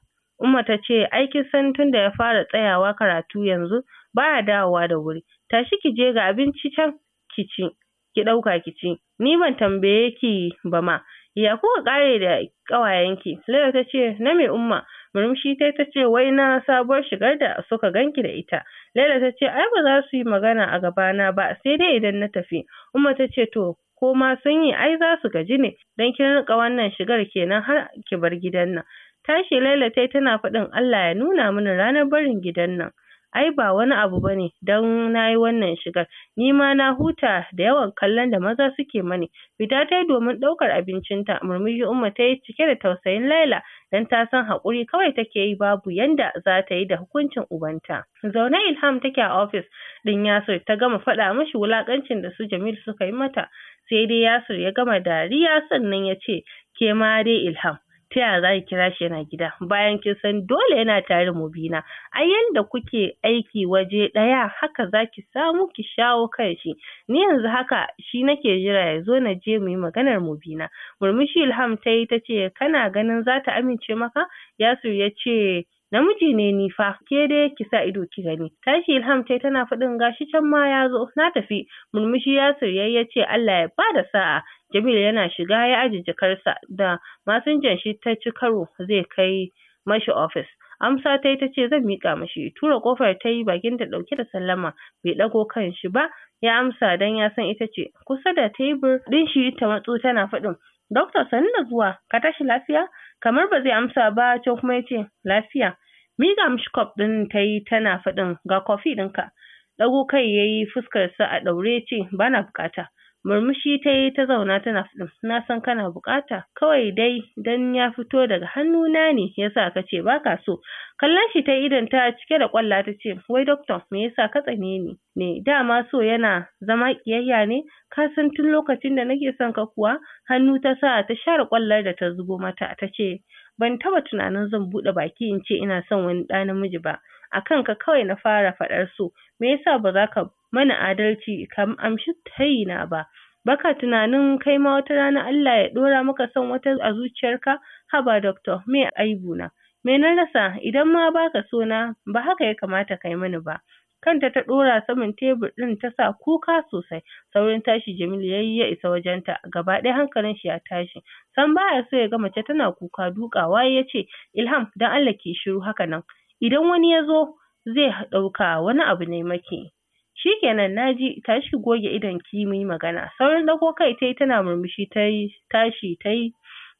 [SPEAKER 10] Umma ta ce ai kin san tunda ya fara tsayawa karatu yanzu baya dawowa da wuri. Tashi ki je ga abinci can ki ci, ki ɗauka ki ci. Ni ban tambaye ki ba ma. Ya kuka ƙare da ƙawayenki? Laila ta ce na me Umma? Murmushi tai ta ce wai na sabuwar shigar da suka ganki da ita. Laila ta ce ai ba za su yi magana a gabana ba sai dai idan na tafi. Umma ta ce to Koma ma sun yi ai za su gaji ne don kin riƙa wannan shigar kenan har ki bar gidan nan tashi Laila tai tana faɗin Allah ya nuna mana ranar barin gidan nan ai ba wani abu bane don nayi wannan shigar ni ma na huta da yawan kallon da maza suke mani fita tayi domin ɗaukar abincinta murmushi Umma tayi cike da tausayin Laila don ta san haƙuri kawai take yi babu yanda za ta yi da hukuncin ubanta zaune Ilham take a ofis ɗin Yasir ta gama faɗa mashi wulaƙancin da su Jamil suka yi mata sai dai Yasir ya gama dariya sannan ya ce ke ma dai Ilham ta yaya za ki kira shi yana gida bayan kin san dole yana tare Mubina Ai yanda kuke aiki waje ɗaya haka za ki samu ki shawo kan shi ni yanzu haka shi nake jira ya zo na je mu yi maganar Mubina murmushi Ilham ta yi ta ce kana ganin za ta amince maka Yasir ya ce namiji ne ni fa ke dai ki sa ido ki gani tashi ilham tai tana faɗin gashi can ma ya zo na tafi murmushi ya yayi ya ce Allah ya bada sa'a Jamilu yana shiga ya aje jakarsa da masinjan shi ta ci karo zai kai mashi ofis amsa ta yi ta ce zan miƙa mashi tura kofar ta yi bakin da ɗauke da sallama bai ɗago kan shi ba ya amsa dan ya san ita ce kusa da tebur ɗin shi ta matso tana faɗin Dokta sanin da zuwa ka tashi lafiya kamar ba zai amsa ba can kuma ya ce lafiya miƙa mishi kwaf ɗin ta yi tana faɗin ga kofi ɗinka ɗago kai ya yi fuskarsa a ɗaure ya ce bana buƙata Murmushi ta yi ta zauna tana faɗin na san kana buƙata kawai dai dan ya fito daga hannu na ne yasa ka ce ba ka so. Kallon shi ta idon ta cike da ƙwalla ta ce wai doctor me yasa ka tsane ni ne dama so yana zama ƙiyayya ne ka san tun lokacin da nake son ka kuwa hannu ta sa ta share ƙwallar da ta zubo mata ta ce ban taɓa tunanin zan buɗe baki in ce ina son wani ɗa namiji ba. a ka kawai na fara faɗar so me yasa ba za ka mana adalci ka amshi tayina ba baka tunanin kai ma wata rana Allah ya ɗora maka san wata a zuciyarka haba doctor me aibu na me na rasa idan ma baka so na ba haka ya kamata kai mani ba kanta ta ɗora saman tebur ɗin ta sa kuka sosai saurin tashi Jamilu yayi ya isa wajenta gaba ɗaya hankalin shi ya tashi san baya so ya ga mace tana kuka dukawa ya ce Ilham dan Allah ki shiru haka nan idan wani ya zo zai ɗauka wani abu ne maki. Shikenan naji tashi goge idon ki muyi magana. Saurin dago kai tayi tana murmushi tayi tashi tayi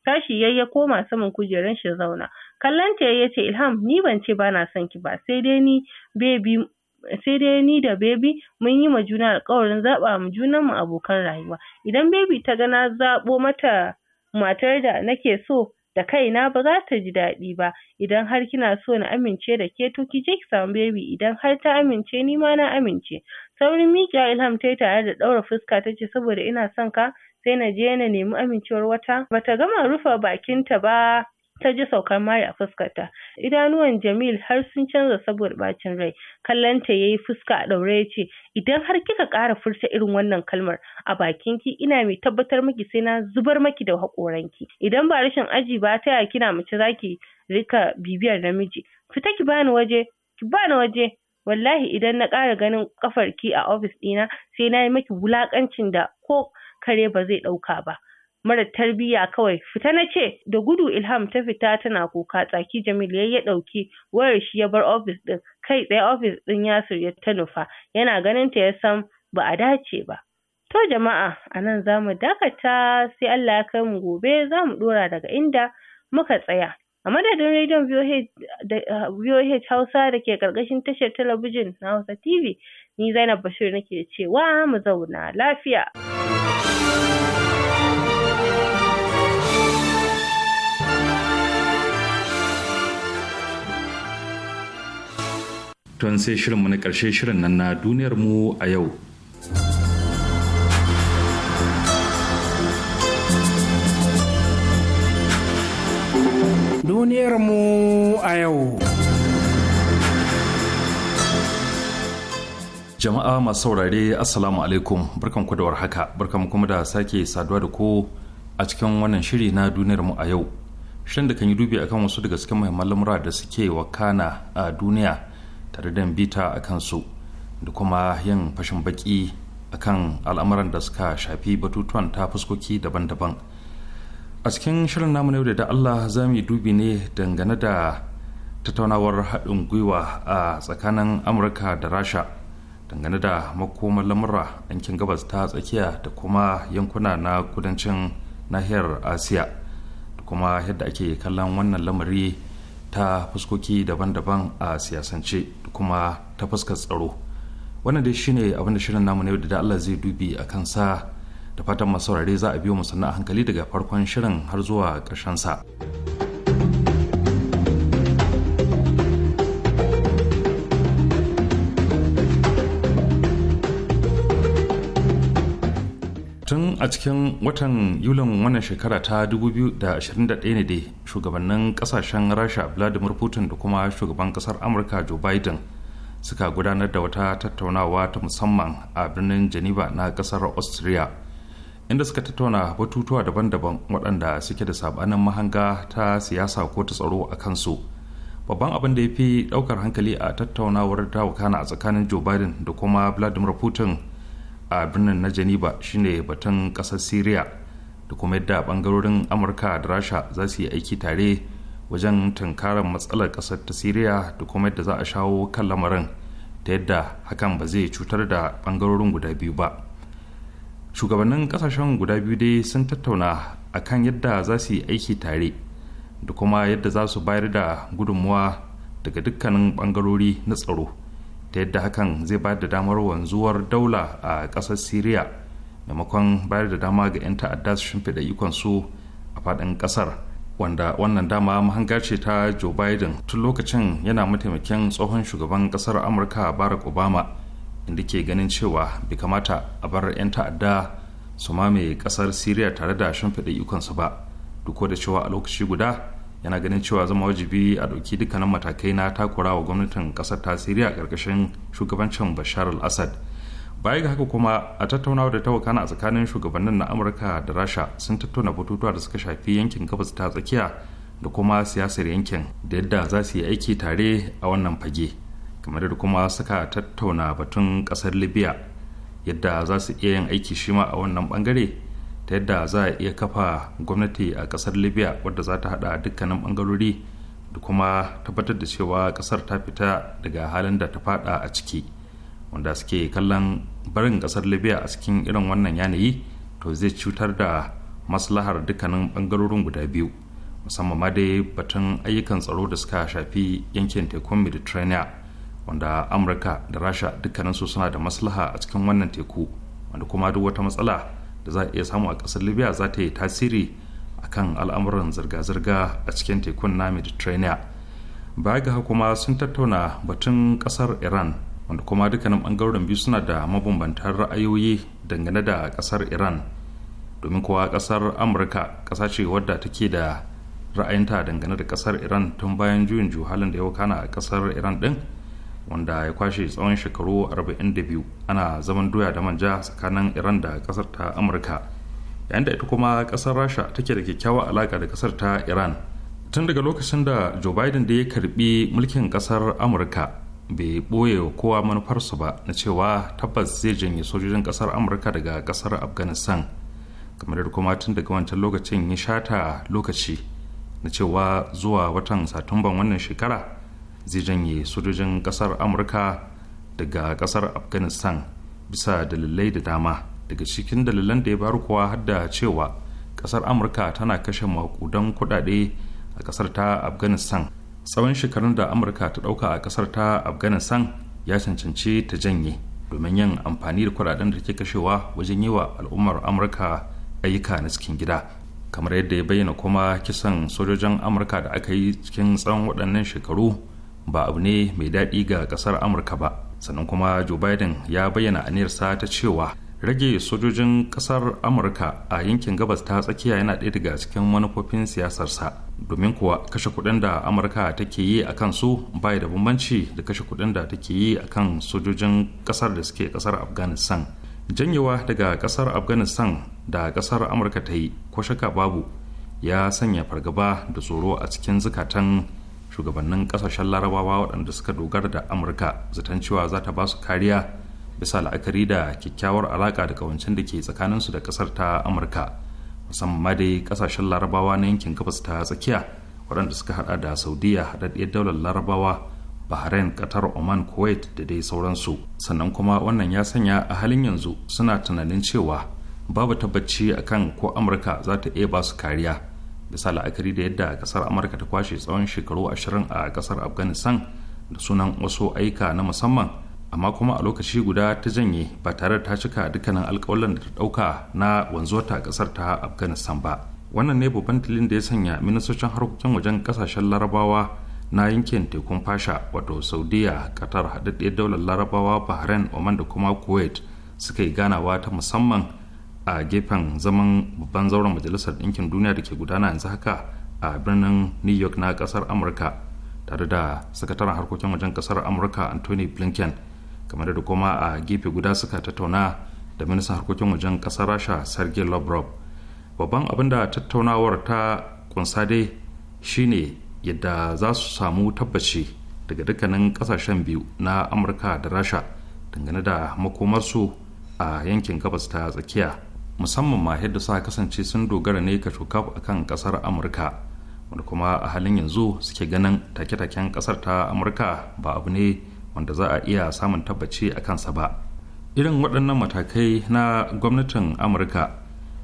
[SPEAKER 10] tashi yayi ya koma saman kujerar shi zauna. Kallon ta yayi yace Ilham ni ban ce bana son ki ba sai dai ni baby sai dai ni da baby mun yi ma juna alƙawarin zaɓa ma junan mu abokan rayuwa. Idan baby ta ga na zaɓo mata matar da nake so da kaina ba za ta ji daɗi ba idan har kina so na amince da ke to ki je ki samu baby idan har ta amince ni ma na amince saurin miƙewa Ilham ta yi tare da ɗaura fuska ta ce saboda ina son ka sai na je na nemi amincewar wata bata gama rufe ta ba ta ji saukar mari a fuskarta idanuwan jamil har sun canza saboda bacin rai kallanta yayi fuska a ɗaure ya ce idan har kika ƙara furta irin wannan kalmar a bakin ki ina mai tabbatar miki sai na zubar maki da haƙoranki idan ba rashin aji ba ta yaya kina mace zaki rika bibiyar namiji fita ki bani waje ki bani waje wallahi idan na ƙara ganin ƙafar ki a ofis ɗina sai na yi maki wulaƙancin da ko kare ba zai ɗauka ba mara tarbiyya kawai fita na ce da gudu ilham ta fita tana kuka tsaki jamil ya ya ɗauki wayar shi ya bar ofis ɗin kai tsaye ofis ɗin yasir ya ta nufa yana ganin ta ya san ba a dace ba to jama'a a nan za mu dakata sai allah ya kai mu gobe za mu ɗora daga inda muka tsaya a madadin rediyon VOH Hausa da ke karkashin tashar talabijin na Hausa TV ni Zainab Bashir nake cewa mu zauna lafiya.
[SPEAKER 1] tun sai mu na ƙarshe shirin nan na duniyar mu a yau.
[SPEAKER 2] Duniyar mu a yau.
[SPEAKER 1] Jama'a masu saurare Assalamu alaikum barkan ku da warhaka barkan kuma da sake saduwa da ku a cikin wannan shiri na duniyar mu a yau. Shirin da kan yi dubi akan wasu daga cikin muhimman lamura da suke wakana a duniya tare da bita a kansu da kuma yin fashin baki akan al'amuran da suka shafi batutuwan ta fuskoki daban-daban a cikin shirin namu na yau da allah za mu yi dubi ne dangane da tattaunawar haɗin gwiwa a tsakanin amurka da rasha dangane da makomar lamura yankin gabas ta tsakiya da kuma yankuna na kudancin nahiyar asiya da kuma yadda ake kallon wannan lamari ta fuskoki daban-daban a siyasance kuma ta fuskar tsaro wannan dai shine abin da shirin namu na yau da Allah zai dubi a kansa da fatan masaurare za a biyo mu sannan a hankali daga farkon shirin har zuwa ƙarshen sa. a cikin watan yulin wannan shekara ta 2021 ne dai shugabannin kasashen rasha vladimir putin da kuma shugaban kasar amurka joe biden suka gudanar da wata tattaunawa ta musamman a birnin geneva na kasar austria inda suka tattauna batutuwa daban-daban waɗanda suke da sabanin mahanga ta siyasa ko ta tsaro a kansu babban abin da ya fi ɗaukar hankali a tattaunawar dawakana a tsakanin joe biden da kuma vladimir putin a birnin na geneva shine batun ƙasar syria da kuma yadda bangarorin amurka da rasha za su yi aiki tare wajen tunkarar matsalar ƙasar ta syria da kuma yadda za a shawo kan lamarin ta yadda hakan ba zai cutar da bangarorin guda biyu ba shugabannin kasashen guda biyu dai sun tattauna a kan yadda za su yi aiki tare da kuma yadda za su bayar da gudunmuwa daga dukkanin bangarori na tsaro ta yadda hakan zai bayar da damar wanzuwar daula a ƙasar syria maimakon bayar da dama ga 'yan ta'adda su shimfiɗa ikonsu a faɗin ƙasar wanda wannan dama mahanga ce ta joe biden tun lokacin yana mataimakin tsohon shugaban ƙasar amurka barack obama inda ke ganin cewa bai kamata a bar 'yan ta'adda su mamaye ƙasar syria tare da shimfiɗa ikonsu ba duk da cewa a lokaci guda yana ganin cewa zama wajibi a ɗauki dukkanin matakai na takura wa gwamnatin ƙasar ta siriya ƙarƙashin shugabancin bashar al-assad baya ga haka kuma a tattaunawa da ta wakana a tsakanin shugabannin na amurka da rasha sun tattauna batutuwa da suka shafi yankin gabas ta tsakiya da kuma siyasar yankin da yadda za su yi aiki tare a wannan fage kamar da kuma suka tattauna batun ƙasar libya yadda za su iya yin aiki shima a wannan bangare ta yadda za a iya kafa gwamnati a kasar libya wadda za ta hada dukkanin bangarori da kuma tabbatar da cewa kasar ta fita daga halin da ta fada a ciki wanda suke kallon barin kasar libya a cikin irin wannan yanayi to zai cutar da maslahar dukkanin bangarorin guda biyu musamman ma dai batun ayyukan tsaro da suka shafi yankin tekun mediterranean wanda amurka da rasha dukkaninsu suna da maslaha a cikin wannan teku wanda kuma duk wata matsala da za a iya samu a ƙasar libya za ta yi tasiri a kan al'amuran zirga-zirga a cikin tekun na mediterranean baya ga kuma sun tattauna batun ƙasar iran wanda kuma dukkanin ɓangaren biyu suna da mabambantan ra'ayoyi dangane da ƙasar iran domin kuwa ƙasar amurka ƙasa ce wadda take da ra'ayinta dangane da ƙasar iran tun bayan juyin juhalin da ya wakana a ƙasar iran ɗin wanda ya kwashe tsawon shekaru 42 ana zaman doya da manja tsakanin iran da kasar ta amurka yayin da ita kuma kasar rasha take da kyakkyawar alaka da kasar ta iran tun daga lokacin da joe biden da ya karbi mulkin kasar amurka bai ɓoye wa kowa manufarsu ba na cewa tabbas zai janye sojojin kasar amurka daga kasar afghanistan kamar da kuma tun daga wancan lokacin ya shata lokaci na cewa zuwa watan satumban wannan shekara zai janye sojojin kasar amurka daga kasar afghanistan bisa dalilai da dama daga cikin dalilan da ya baru kuwa har da cewa kasar amurka tana kashe makudan kudade a kasar ta afghanistan tsawon shekarun da amurka ta dauka a kasar ta afghanistan ya cancanci ta janye domin yin amfani da kudaden da ke kashewa wajen yi wa al'ummar amurka ayyuka na cikin gida kamar yadda ya bayyana kuma kisan sojojin amurka da aka yi cikin tsawon waɗannan shekaru ba abu ne mai daɗi ga ƙasar amurka ba sannan kuma joe biden ya bayyana aniyarsa ta cewa rage sojojin ƙasar amurka a yankin gabas ta tsakiya yana ɗaya daga cikin manufofin siyasarsa domin kuwa kashe kuɗin da amurka take yi a kan su bai da bambanci da kashe kuɗin da take yi a kan sojojin ƙasar da suke ƙasar afghanistan janyewa daga ƙasar afghanistan da ƙasar amurka ta yi ko shaka babu ya sanya fargaba da tsoro a cikin zukatan shugabannin kasashen larabawa waɗanda suka dogara da amurka zaton cewa za ta ba su kariya bisa la'akari da kyakkyawar alaƙa da kawancin da ke tsakaninsu da ƙasar ta amurka musamman dai kasashen larabawa na yankin gabas ta tsakiya waɗanda suka hada da saudiya haɗaɗɗiyar daular larabawa bahrain qatar oman kuwait da dai sauransu sannan kuma wannan ya sanya a halin yanzu suna tunanin cewa babu tabbaci akan ko amurka za ta iya ba su kariya bisa la'akari da yadda kasar amurka ta kwashe tsawon shekaru ashirin a kasar afghanistan da sunan wasu aika na musamman amma kuma a lokaci guda ta janye ba tare da ta cika dukkanin alkawalan da ta dauka na wanzuwar ta kasar ta afghanistan ba wannan ne babban tilin da ya sanya ministocin harkokin wajen kasashen larabawa na yankin tekun fasha wato saudiya qatar haɗaɗɗiyar daular larabawa bahrain oman da kuma kuwait suka yi ganawa ta musamman a gefen zaman babban zauren majalisar ɗinkin duniya da ke gudana yanzu haka a birnin new york na ƙasar amurka tare da sakataren harkokin wajen ƙasar amurka anthony blinken kamar da kuma a gefe guda suka tattauna da ministan harkokin wajen ƙasar rasha sergei lavrov babban abin da tattaunawar ta kunsa dai shine yadda za su samu tabbaci daga dukkanin kasashen biyu na amurka da rasha dangane da makomarsu a yankin gabas ta tsakiya musamman ma yadda suka kasance sun dogara ne ka shuka a kan kasar amurka wanda kuma a halin yanzu suke ganin take-taken kasar ta amurka ba abu ne wanda za a iya samun tabbaci a kansa ba irin waɗannan matakai na gwamnatin amurka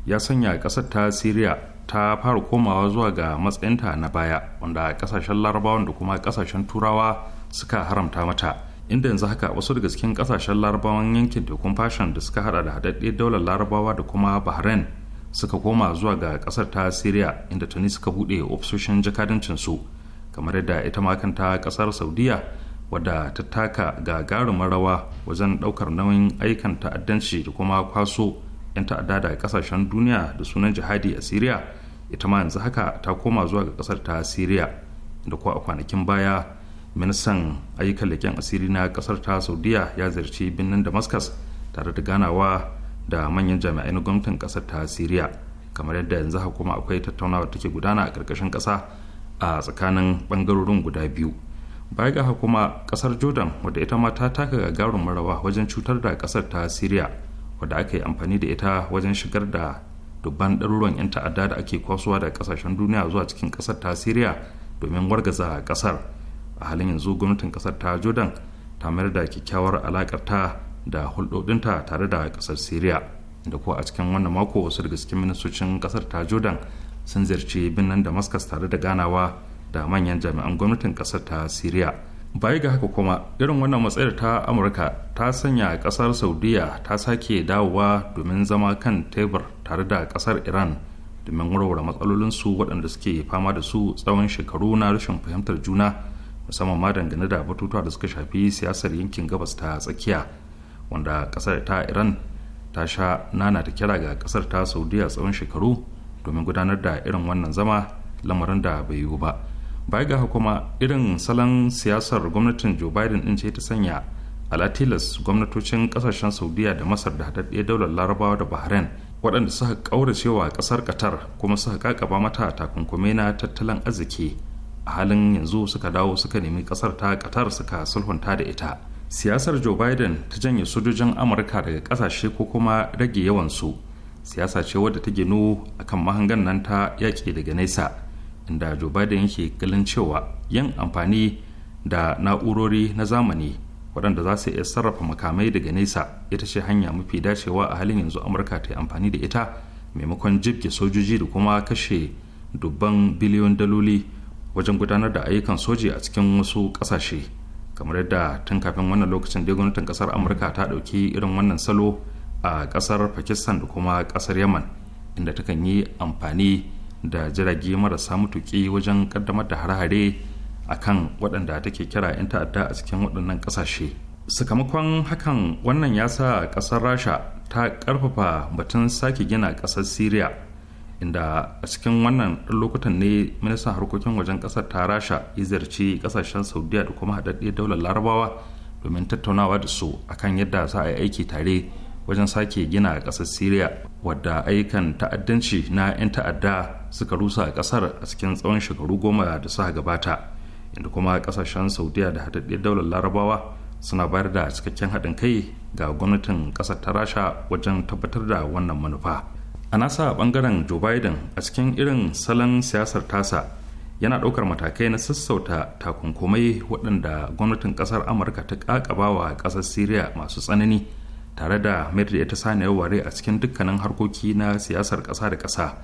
[SPEAKER 1] ya sanya ƙasar ta syria ta fara komawa zuwa ga matsayinta na baya wanda ƙasashen larabawan da kuma ƙasashen turawa suka haramta mata inda yanzu haka wasu daga cikin kasashen larabawan yankin tekun fashon da suka hada da haɗaɗɗe daular larabawa da kuma bahrain suka koma zuwa ga kasar ta syria inda tuni suka buɗe ofisoshin jakadancin kamar yadda ita ma kanta kasar saudiya wadda ta taka ga garin rawa wajen ɗaukar nauyin aikan ta'addanci da kuma kwaso 'yan ta'adda da kasashen duniya da sunan jihadi a syria ita ma yanzu haka ta koma zuwa ga kasar ta syria da ko a kwanakin baya ministan ayyukan leƙen asiri na ƙasar ta saudiya ya ziyarci birnin damascus tare da ganawa da manyan jami'ai na gwamnatin ƙasar ta siriya kamar yadda yanzu haka kuma akwai tattaunawa take gudana a ƙarƙashin ƙasa a tsakanin ɓangarorin guda biyu baya ga kuma ƙasar jordan wadda ita ma ta taka gagarun marawa wajen cutar da kasar ta syria wadda aka yi amfani da ita wajen shigar da dubban ɗaruruwan 'yan ta'adda da ake kwasuwa da kasashen duniya zuwa cikin ƙasar ta syria domin wargaza ƙasar. a halin yanzu gwamnatin kasar ta jordan ta mayar da kyakkyawar alakar ta da hulɗoɗinta tare da kasar syria da kuwa a cikin wannan mako wasu daga cikin ministocin kasar ta jordan sun ziyarci birnin damascus tare da ganawa da manyan jami'an gwamnatin kasar ta syria baya ga haka kuma irin wannan matsayar ta amurka ta sanya kasar saudiya ta sake dawowa domin zama kan tebur tare da kasar iran domin warware matsalolinsu waɗanda suke fama da su tsawon shekaru na rashin fahimtar juna musamman ma dangane da batutuwa da suka shafi siyasar yankin gabas ta tsakiya wanda kasar ta iran ta sha nana ta kira ga kasar ta saudiya tsawon shekaru domin gudanar da irin wannan zama lamarin da bai yiwu ba baya ga kuma irin salon siyasar gwamnatin joe biden din ce ta sanya alatilas gwamnatocin kasashen saudiya da masar da haɗaɗɗe daular larabawa da bahrain waɗanda suka ƙauracewa ƙasar qatar kuma suka kakaba mata takunkumi na tattalin arziki a halin yanzu suka dawo suka nemi kasar ta katar suka sulhunta da ita siyasar joe biden ta janye sojojin amurka daga kasashe ko kuma rage yawansu siyasa ce wadda ta ginu akan mahangan nan ta yaƙi daga nesa inda joe biden yake galin cewa yin amfani da na'urori na zamani waɗanda za su iya sarrafa makamai daga nesa ita ce hanya mafi dacewa a halin yanzu amurka ta yi amfani da ita maimakon jibge sojoji da kuma kashe dubban biliyon daloli wajen gudanar da ayyukan soji a cikin wasu kasashe kamar yadda tun kafin wannan lokacin da gwamnatin kasar amurka ta dauki irin wannan salo a kasar pakistan da kuma kasar yaman inda ta kan yi amfani da jirage marasa mutuki wajen kaddamar da hare-hare a kan waɗanda take kira 'yan ta'adda a cikin waɗannan ƙasashe sakamakon hakan wannan ya sa ƙasar rasha ta ƙarfafa batun sake gina ƙasar syria inda a cikin wannan ɗan lokutan ne ministan harkokin wajen ƙasar ta rasha ya ziyarci ƙasashen saudiya da kuma haɗaɗɗe daular larabawa domin tattaunawa da su akan yadda za a yi aiki tare wajen sake gina ƙasar syria wadda ayyukan ta'addanci na 'yan ta'adda suka rusa a ƙasar a cikin tsawon shekaru goma da suka gabata inda kuma ƙasashen saudiya da haɗaɗɗe daular larabawa suna bayar da cikakken haɗin kai ga gwamnatin ƙasar ta rasha wajen tabbatar da wannan manufa. a nasa bangaren joe biden a cikin irin salon siyasar tasa yana ɗaukar matakai na sassauta takunkumai waɗanda gwamnatin ƙasar amurka ta ƙaƙabawa ƙasar syria masu tsanani tare da mayar da ita saniyar ware a cikin dukkanin harkoki na siyasar ƙasa da ƙasa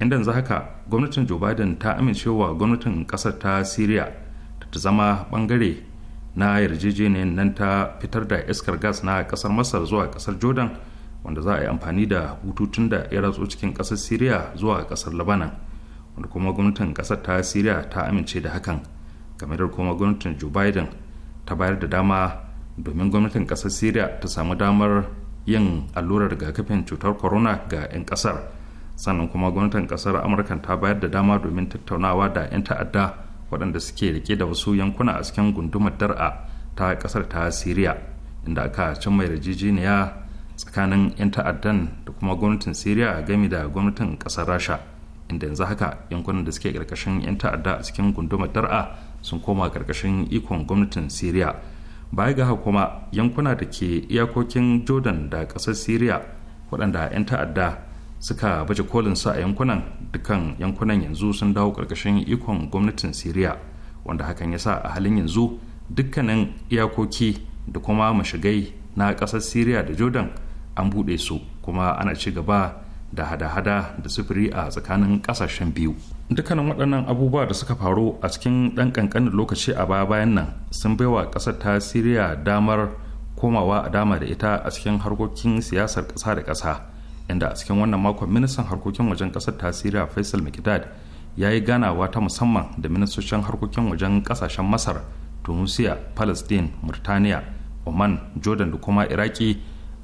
[SPEAKER 1] inda za haka gwamnatin joe biden ta amincewa gwamnatin ƙasar ta syria ta zama bangare na yarjejeniyar nan ta fitar da iskar gas na ƙasar masar zuwa ƙasar jordan wanda za a yi amfani da bututun da ya ratsu cikin ƙasar siriya zuwa ƙasar labanan wanda kuma gwamnatin ƙasar ta siriya ta amince da hakan game da kuma gwamnatin joe biden ta bayar da dama domin gwamnatin ƙasar siriya ta samu damar yin allurar rigakafin cutar corona ga 'yan ƙasar sannan kuma gwamnatin ƙasar amurka ta bayar da dama domin tattaunawa da 'yan ta'adda waɗanda suke rike da wasu yankuna a cikin gundumar dar'a ta ƙasar ta siriya inda aka cimma yarjejeniya tsakanin 'yan ta'addan da kuma gwamnatin syria game da gwamnatin kasar rasha inda yanzu haka yankunan da suke karkashin 'yan ta'adda a cikin gundumar dar'a sun koma karkashin ikon gwamnatin syria baya ga kuma yankuna da ke iyakokin jordan da kasar syria waɗanda 'yan ta'adda suka baje kolin su a yankunan dukkan yankunan yanzu sun dawo karkashin ikon gwamnatin syria wanda hakan ya sa a halin yanzu dukkanin iyakoki da kuma mashigai na ƙasar syria da jordan an buɗe su kuma ana ci gaba da hada-hada da sufuri a tsakanin ƙasashen biyu dukkanin waɗannan abubuwa da suka faru a cikin ɗan ƙanƙanin lokaci a baya bayan nan sun bai wa ƙasar ta siriya damar komawa a dama da ita a cikin harkokin siyasar ƙasa da ƙasa inda a cikin wannan makon ministan harkokin wajen ƙasar ta siriya faisal mikdad ya yi ganawa ta musamman da ministocin harkokin wajen ƙasashen masar tunisia palestine murtaniya oman jordan da kuma iraki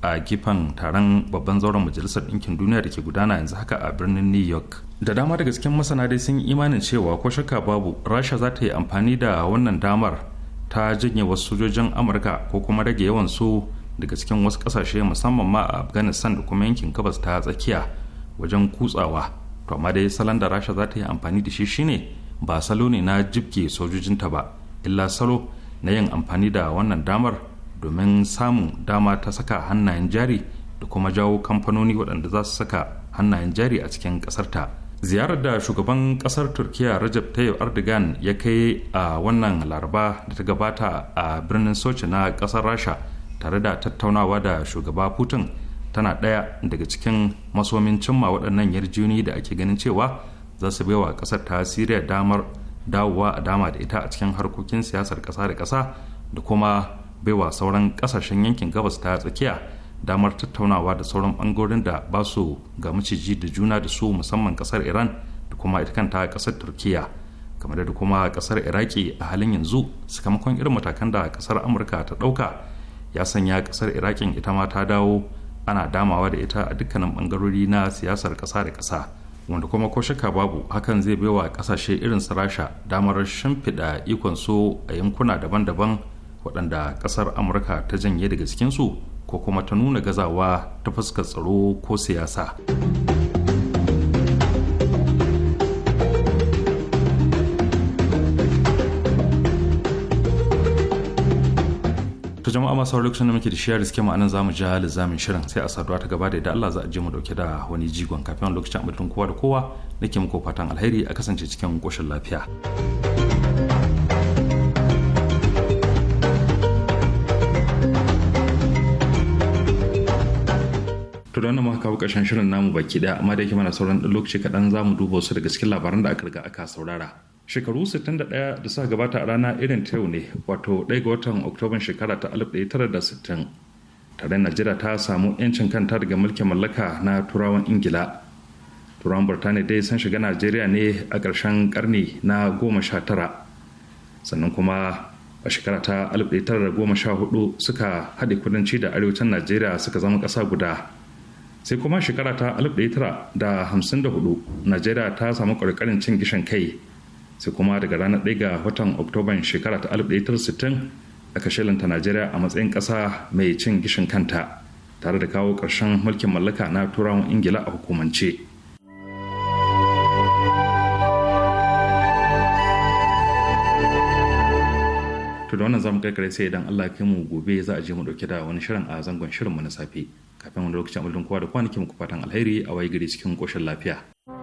[SPEAKER 1] a gefen taron babban zauren majalisar ɗinkin duniya da ke gudana yanzu haka a birnin new york da dama daga cikin masana dai sun imanin cewa ko shakka babu rasha za ta yi amfani da wannan damar ta janye wasu sojojin amurka ko kuma rage yawan su daga cikin wasu ƙasashe musamman ma a afghanistan da kuma yankin gabas ta tsakiya wajen kutsawa to amma dai salon da rasha za ta yi amfani da shi shine ba salo ne na jibge sojojinta ba illa salo na yin amfani da wannan damar domin samun dama ta saka hannayen jari da kuma jawo kamfanoni waɗanda za su saka hannayen jari a cikin ƙasarta. ziyarar da shugaban ƙasar turkiya rajab tayyip erdogan ya kai a wannan laraba da ta gabata a birnin sochi na ƙasar rasha tare da tattaunawa da shugaba putin tana ɗaya daga cikin masomin cimma waɗannan yarjuni da ake ganin cewa za su baiwa ƙasar ta siriya damar dawowa a dama da ita a cikin harkokin siyasar ƙasa da ƙasa da kuma baiwa sauran kasashen yankin gabas ta tsakiya damar tattaunawa da sauran bangorin da ba su ga maciji da juna da su musamman kasar iran da kuma ita kanta kasar turkiya game da kuma kasar iraki a halin yanzu sakamakon irin matakan da kasar amurka ta dauka ya sanya kasar irakin ita ma ta dawo ana damawa da ita a dukkanin bangarori na siyasar kasa da kasa wanda kuma ko shakka babu hakan zai baiwa kasashe irin su rasha damar shimfiɗa ikon su a yankuna daban-daban waɗanda ƙasar amurka ta janye daga cikinsu ko kuma ta nuna gazawa ta fuskar tsaro ko siyasa ta jama'a masu sauraro lokacin da muke da shiyar riske ma'anan zamu ja lizamin shirin sai a saduwa ta gaba da idan Allah za a je mu dauke da wani jigon kafin lokacin abin kowa da kowa nake muku fatan alheri a kasance cikin koshin lafiya. to da ma kawo ƙarshen shirin namu baki daya amma da yake mana sauran ɗan lokaci kaɗan za mu duba su daga cikin labaran da aka riga aka saurara shekaru 61 da suka gabata a rana irin ta yau ne wato ɗaya ga watan oktoban shekara ta 1960 tare najeriya ta samu 'yancin kanta daga mulkin mallaka na turawan ingila turawan burtaniya dai sun shiga najeriya ne a ƙarshen ƙarni na 19 sannan kuma a shekara ta 1914 suka haɗe kudanci da arewacin najeriya suka zama ƙasa guda sai kuma shekara ta 1954 najeriya ta samu ƙwarƙarin cin gishan kai sai kuma daga ranar ɗaya ga watan oktoban shekara ta 1960 aka shilinta najeriya a matsayin ƙasa mai cin gishin kanta tare da kawo ƙarshen mulkin mallaka na turawan ingila a hukumance to da wannan zamu kai sai idan allah ya kai mu gobe za a je mu dauke da wani shirin a zangon shirinmu na safe kafin wani lokacin abin kowa da kwanaki ku fatan alheri a waye gari cikin koshin lafiya.